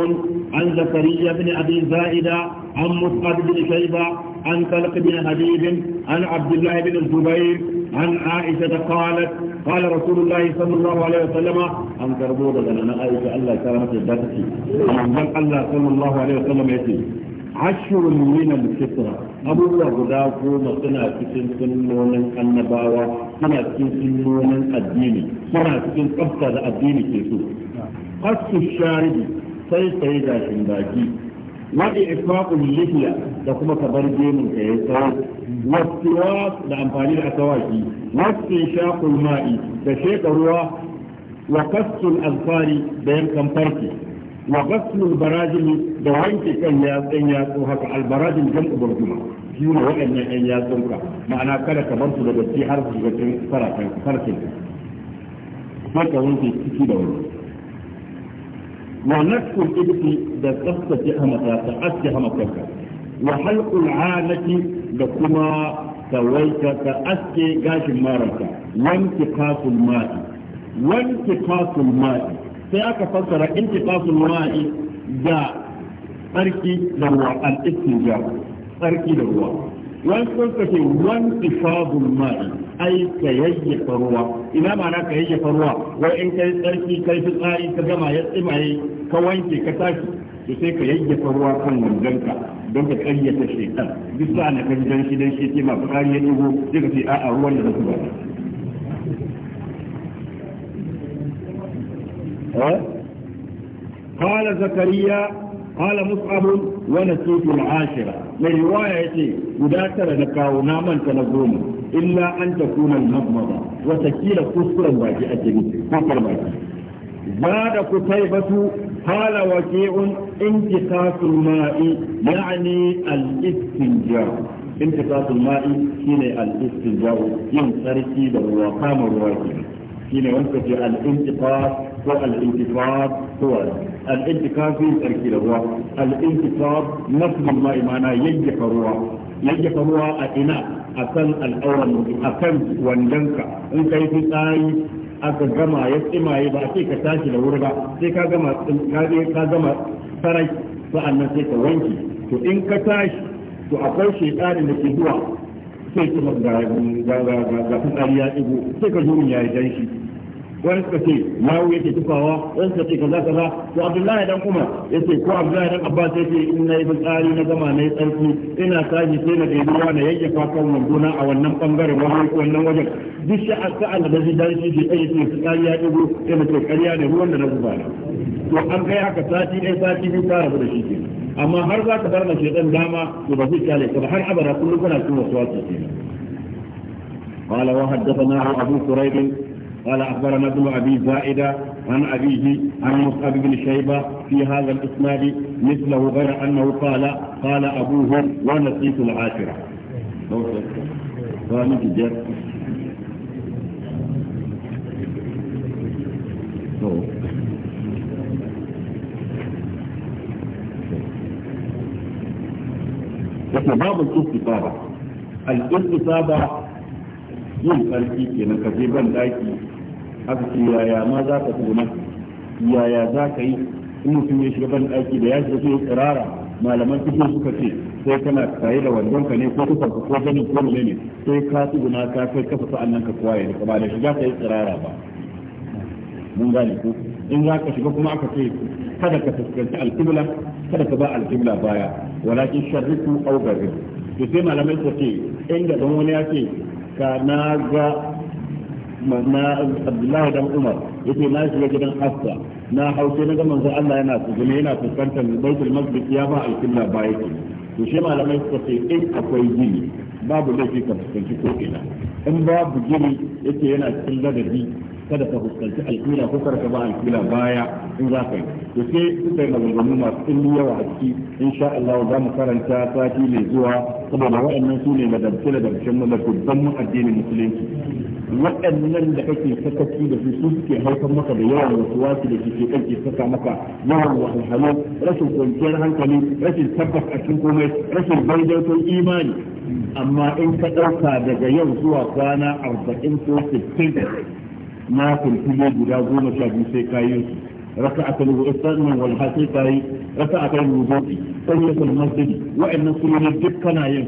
عن زكريا بن أبي زائدة عن مصعب بن شيبة عن طلق بن حبيب عن عبد الله بن الزبير عن عائشة قالت قال رسول الله صلى الله عليه وسلم أن تربوض لنا عائشة الله كرمت الدكتي أن الله صلى الله عليه وسلم يتي عشر من الفطرة أبو الله غداكو مصنع كتن سنون النباوة سنع كتن سنون الديني سنع كتن قبطة الديني كيسو قص الشارب سيدا شنباكي وإعفاق اللحية لكما من كيسو wasuwa da amfani da asawaki wasu shakul ma'i da shekaruwa ruwa wa kasul alfari da yankan farki wa kasul barajin da wanke kan yatsun yatsu haka albarajin jan ubar juma waɗannan yan yatsun ka ma'ana kada ka bar su da datti har su ga cikin farakan farkin sai ka wanke ciki da wani wa nasu ibti da tsaftace hamata ta aske hamakarka wa halqul anati da kuma tawaita ka aske gashin mararka wanki qasul ma'i wanki qasul ma'i sai aka fassara intiqasul ma'i da tsarki da ruwa al-istijab tsarki da ruwa wani sun kace wanki fadul ma'i ai ka yayye ruwa ina ma'ana ka yayye ruwa wai in kai tsarki kai fitsari ka gama ya tsimaye ka wanke ka tashi to sai ka yayyafa ruwa kan wanzanka don ka karyata shaitan duk sa na kan dan shi dan shi ce ma bukari ya dubo sai ka ce a'a ruwan da zasu ba قال زكريا قال مصعب ونسيت العاشرة من رواية مداترة نكاو نامن تنظوم إلا أن تكون المضمضة وتكيل كسرا باجئة كفر باجئة زاد قتيبة قال وكيع انتقاص الماء يعني الاستنجاء انتقاص الماء شيء الاستنجاء ينصرف وقام الواجب شيء وانت الانتقاص هو الانتقاص هو الانتقاص ينصرف الروا الانتقاص نفس الماء معنى ينجح الروا ينجح الروا أئنا أكل الأول أكل وندنك إن كيف تاي aka gama ya tsimaye ba sai ka tashi da wuri ba sai ka gama ka gama sarai sa'annan sai ka wanki to in ka tashi to akwai shekarin da ke zuwa sai kuma ga ga ga ga ga ya ɗigo sai ka jurin ya yi danshi wani suka ce mawu yake tufawa wani suka ce ka za to abdullahi dan kuma ce ko abdullahi dan abbas yace in yi fitsari na gama yi tsarki ina tashi sai na ɗaya ruwa na yayyafa fakon wanduna a wannan bangaren wannan wajen duk a sa'an da zai dan shi ke ɗaya ce fitsari ya ɗigo sai na ce ƙarya ne ruwan da na zuba ne to an kai haka sati ɗaya sati biyu ta rabu da shi ke amma har za ka bar na shedan dama to ba zai kyale ka ba har abada kullum kana cin wasu wasu kenan قال وحدثنا ابو كريب قال أخبرنا ابن أبي زائدة عن أبيه عن مصعب بن شيبة في هذا الإسناد مثله غير أنه قال قال ابوه ونسيت العاشرة باب الاستطابة الاستطابة yin tsarki kenan يعني ka je ban aka ce yaya ma za ka tona yaya za ka yi in mutum ya shiga ban ɗaki da ya shiga sai tsirara malaman su suka ce sai kana tsaye da wandon ka ne ko kusan ko ganin ko ne sai ka tsuguna ka kai kafa sa'annan ka kwaye ba da shiga ka yi tsirara ba mun gane ko in za ka shiga kuma aka ce kada ka fuskanci alƙibla kada ka ba alƙibla baya walakin sharriku au garriku to sai malamai su ce in gaban wani ya ce ka na ga na Abdullahi dan Umar yace na shiga gidan Hafsa na hausa na ga manzo Allah yana tsugune yana fuskantar Baitul Maqdis ya ba alƙibla ba yake to shi malamai suka ce in akwai gini babu laifi ka fuskanci ko ina in babu gini yake yana cikin ladabi kada ka fuskanci alkila ko kada ka ba alƙila baya in za ka yi to sai suka yi maganganu masu ɗin yawa a ciki insha Allah za mu karanta sati mai zuwa saboda waɗannan su ne madabce da dabcen mu da addinin musulunci waɗannan da kake sakaci da su su suke haifar maka da yawan wasu wasu da ke kan ke saka maka yawan wahalhalu rashin kwanciyar hankali rashin tabbas a cikin komai rashin daidaiton imani amma in ka ɗauka daga yau zuwa kwana arba'in ko sittin na kulkule guda goma sha biyu sai kayi su raka'a ta lubu istanin wal hasi kayi raka'a ta lubu sai ya kulmasiri wa'annan sunan duk kana yin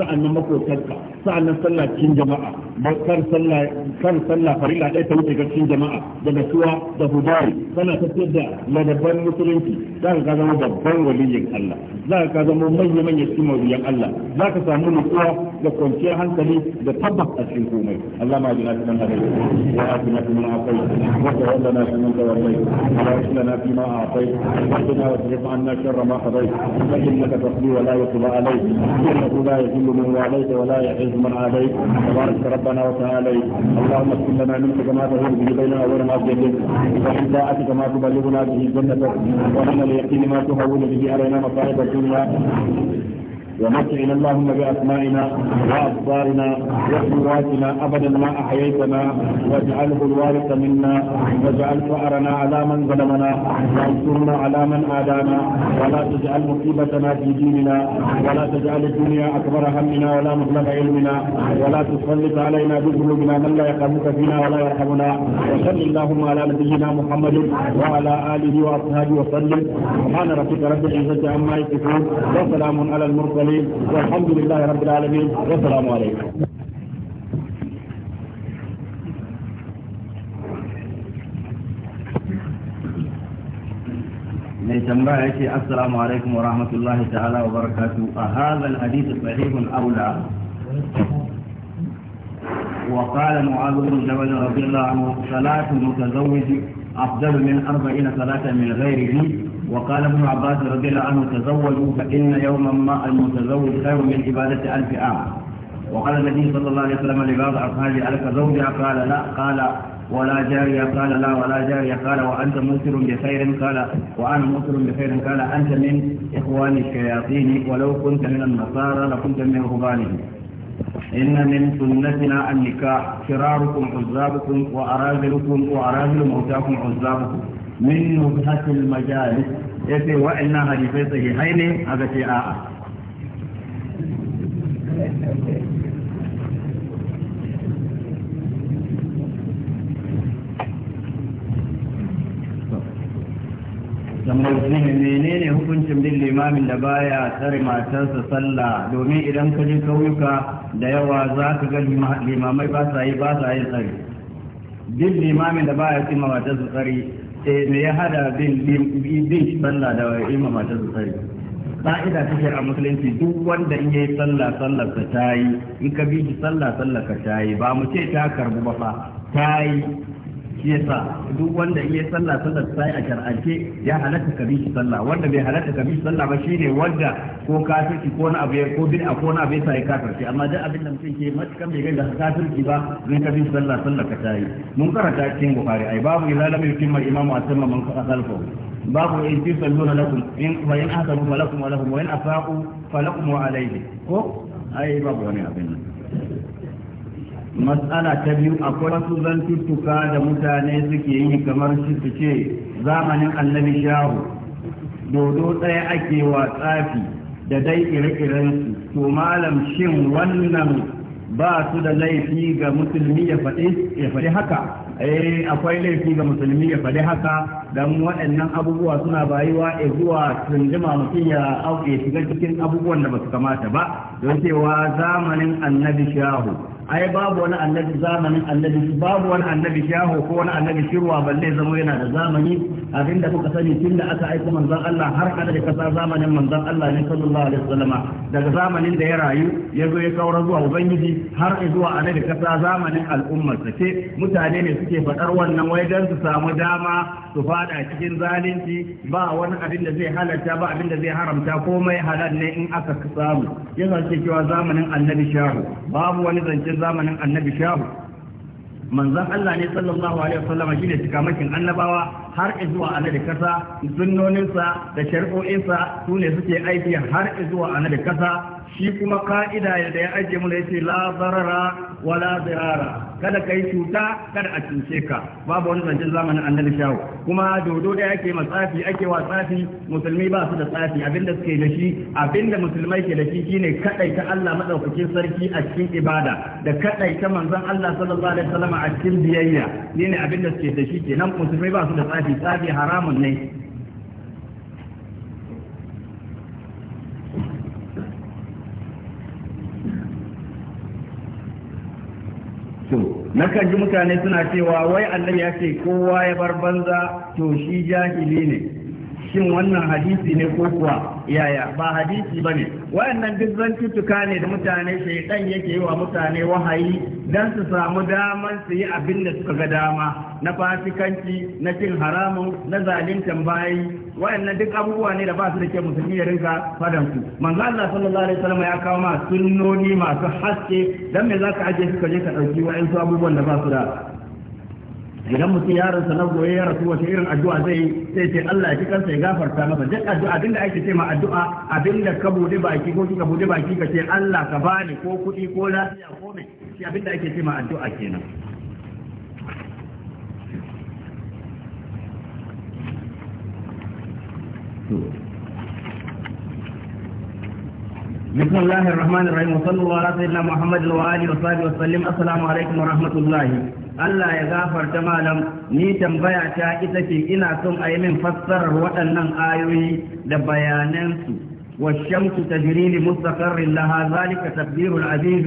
sa'annan makotanka nan sallah cikin jama'a ba kan sallah kan sallah farilla ta wuce cikin jama'a da nasuwa da hudari kana tafiyar da ladabban musulunci za ka zama babban waliyin Allah za ka zama manya manya cikin mabiyan Allah za ka samu nutsuwa da kwanciyar hankali da tabbas a cikin komai Allah ma jina cikin hadari wa ma ma من عليك تبارك ربنا وتعالى اللهم اكتب لنا منك كما تهون به بيننا وبين معصيتك وحب طاعتك ما تبلغنا به جنتك ونعم اليقين ما تهون به علينا مصائب الدنيا ومتعنا اللهم بأسمائنا وأبصارنا وقواتنا أبدا ما أحييتنا واجعله الوارث منا واجعل فأرنا على من ظلمنا وانصرنا على من آدانا ولا تجعل مصيبتنا في ديننا ولا تجعل الدنيا أكبر همنا ولا مبلغ علمنا ولا تسلط علينا بذنوبنا من لا يقامك فينا ولا يرحمنا وصل اللهم على نبينا محمد وعلى آله وأصحابه وسلم سبحان ربك رب العزة عما يصفون وسلام على المرسلين العالمين والحمد لله رب العالمين والسلام عليكم ني تنبأ شيء السلام عليكم ورحمة الله تعالى وبركاته هذا الحديث صحيح أولى وقال معاذ بن جبل رضي الله عنه صلاة المتزوج أفضل من أربعين صلاة من غيره وقال ابن عباس رضي الله عنه تزوجوا فإن يوما ما المتزوج خير من عبادة ألف عام وقال النبي صلى الله عليه وسلم لبعض أصحابه ألف زوجة قال لا قال ولا جارية قال لا ولا جارية قال وأنت مسر بخير قال وأنا مسر بخير قال أنت من إخوان الشياطين ولو كنت من النصارى لكنت من رهبانهم إن من سنتنا النكاح شراركم عزابكم وأراجلكم وأراجل موتاكم عزابكم min mubhatil majalis yace wa'annan hadisai sahihai ne aka ce a'a tambayi menene hukuncin bin limamin da baya tsare matarsa sallah domin idan ka ji kauyuka da yawa za ka ga limamai ba sa yi ba sa yin tsari bin limamin da baya tsima matarsa tsari eh me ya hada bin bin sallah da imma ta sai ka'ida ta shari'a musulunci duk wanda in yayi sallah sallar ta tayi in ka bi shi sallah sallar ka tayi ba mu ce ta karbu ba fa tayi yasa duk wanda iya sallah sallar sai a shar'ance ya halatta ka shi sallah wanda bai halatta ka shi sallah ba shine wanda ko kafirci ko na abu ko bid'a ko na abu sai kafirci amma duk abin da mutum ke matukan bai ganda kafirci ba zai ka bi sallah sallah ka tayi mun karanta cikin bukhari ai babu ila lam yutimma imamu atamma man khalfahu babu in tusalluna lakum in wa in ahsanu lakum wa lahum wa in afaqu falakum wa alayhi ko ai babu wani abin nan matsala ta biyu akwai wasu zantuttuka da mutane suke yi kamar shi su ce zamanin annabi shahu dodo ɗaya ake wa tsafi da dai ire-irensu to malam shin wannan ba su da laifi ga musulmi ya faɗi haka eh akwai laifi ga musulmi ya faɗi haka don waɗannan abubuwa suna bayuwa e zuwa tunjima mutum ya auke shiga cikin abubuwan da ba su kamata ba don cewa zamanin annabi shahu ai babu wani annabi zamanin annabi babu wani annabi shaho ko wani annabi shirwa balle zama yana da zamani abinda kuka sani tun da aka aika manzon Allah har kada da kasa zamanin manzon Allah ne sallallahu alaihi wasallama daga zamanin da ya rayu ya zo ya kaura zuwa ubangiji har zuwa annabi kasa zamanin al'ummar ce mutane ne suke faɗar wannan wai dan su samu dama su fada cikin zalunci ba wani abin da zai halarta ba abin da zai haramta komai halal ne in aka samu yana cewa zamanin annabi shaho babu wani zancen zamanin annabi shahu manzan Allah ne sallallahu alaihi wasallama shine cikamakin annabawa har zuwa annabi kasa sunnoninsa da shari'o'insa su ne suke aiki har zuwa annabi kasa shi kuma ka'ida da ya ajiye mu da yace la zarara la zirara kada kai cuta kada a cuce ka babu wani zancen zamanin annabi shawo kuma dodo da yake matsafi ake wa tsafi musulmi ba su da tsafi abinda suke da shi abinda musulmai ke da shi shine kadai ta Allah madaukakin sarki a cikin ibada da kadai ta manzon Allah sallallahu alaihi wasallam a cikin biyayya ne abinda suke da shi kenan musulmai ba su da tsafi tsafi haramun ne to kan ji mutane suna cewa wai annabi ya ce kowa ya bar banza to shi jahili ne shin wannan hadisi ne ko kuwa yaya ba hadisi ba ne. wayannan duk zantuttuka ne da mutane shaidan yake yi wa mutane wahayi dan su samu daman su yi abin da suka ga dama na fasikanci na cin haramun na zalintan bayi wayannan duk abubuwa ne da ba su da ke musulmi ya rinka fadan su manzo Allah sallallahu alaihi wasallam ya kawo ma sunnoni masu haske dan me zaka aje suka je ka dauki wayansu abubuwan da ba su da idan mutum yaron sa na goye ya rasu wasu irin addu'a zai sai ce Allah ya ci kansa ya gafarta masa duk addu'a abinda ake ce ma addu'a abinda ka bude baki ko kika bude baki ka ce Allah ka bani ko kuɗi ko lafiya ko me shi abinda ake ce ma addu'a kenan بسم الله الرحمن الرحيم وصلى الله على سيدنا محمد اله وصحبه وسلم السلام عليكم ورحمه الله Allah ya gafarta malam ni tambaya ta ita ce ina son a yi min fassarar waɗannan ayoyi da bayanansu والشمس تجري لمستقر لها ذلك تقدير العزيز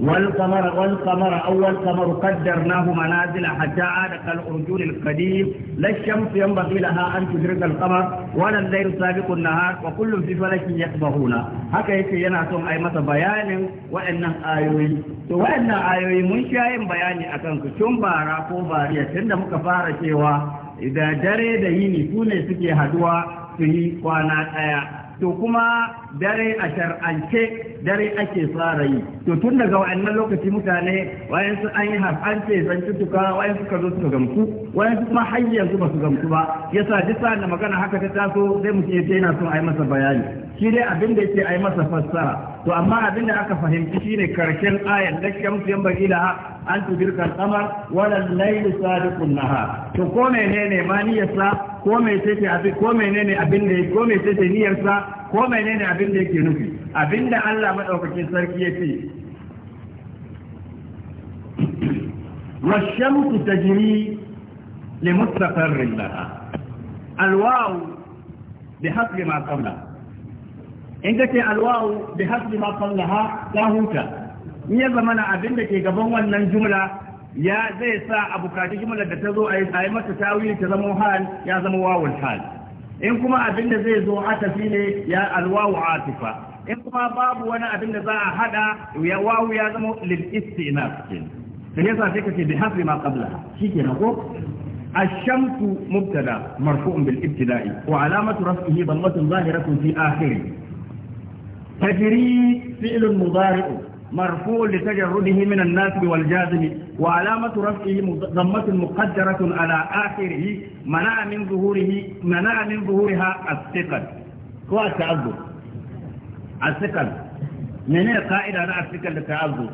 والقمر والقمر أول قمر قدرناه منازل حتى عاد كالأرجل القديم لا الشمس ينبغي لها أن تدرك القمر ولا الليل سابق النهار وكل في فلك يسبحون هكا يتي ينعتم أي متى بيان وإن آيوي وإن آيوي من شايم بياني أكن كشم بارا كوباريا تند مكفارة شيوا إذا جري دهيني سوني سكي هدوا في قوانا آيات to kuma dare a shar'ance dare ake fara yi to tun daga wa'annan lokaci mutane su an yi harfance zantuttuka wayansu ka zo su gamsu su kuma har yanzu ba su gamsu ba yasa duk da magana haka ta taso zai mu ya yana son a yi masa bayani shi dai abin da yake a yi masa fassara to amma abin da aka fahimci shine karshen ayan da shamsu yan bagila an tudirka samar, wala laylu sadiqun nahar to ko menene ma sa? ko mai sai abin ko menene abin da ko mai sai niyyarsa ko menene abin da yake nufi abinda Allah madaukakin sarki yake والشمس تجري لمستقر لها الواو بحسب ما قبلها عندك الواو بحسب ما قبلها لا هوتا يا زمان abin da ke gaban wannan jumla ya zai sa a bukaci jimlar da ta zo a yi mata tawili ta zama hal ya zama wawul hal in kuma abin da zai zo a tafi ne ya alwawu atifa in kuma babu wani abin da za a hada ya wawu ya zama lil istinaf kenan sai yasa sai kace bi hasbi ma qablaha shikenan ko الشمس مبتدا مرفوع بالابتداء وعلامة رفعه ضمة ظاهرة في آخره تجري فعل مضارع مرفوع لتجرده من الناسب والجازم وعلامة رفعه ضمة مقدرة على آخره منع من ظهوره منع من ظهورها الثقل هو التعذب الثقل من القائد على الثقل للتعذب.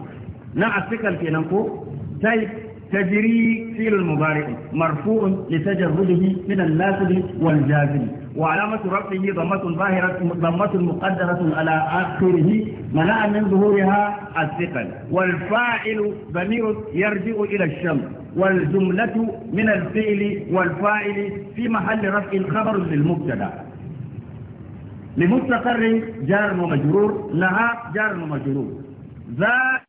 نع الثقل في ننقو طيب تجري في المبارئ مرفوع لتجرده من الناسب والجازم وعلامة رفعه ضمة ظاهرة ضمة مقدرة على آخره منع من ظهورها الثقل والفاعل ضمير يرجع إلى الشمس والجملة من الفعل والفاعل في محل رفع خبر للمبتدا لمستقر جار ومجرور لها جار ومجرور ذا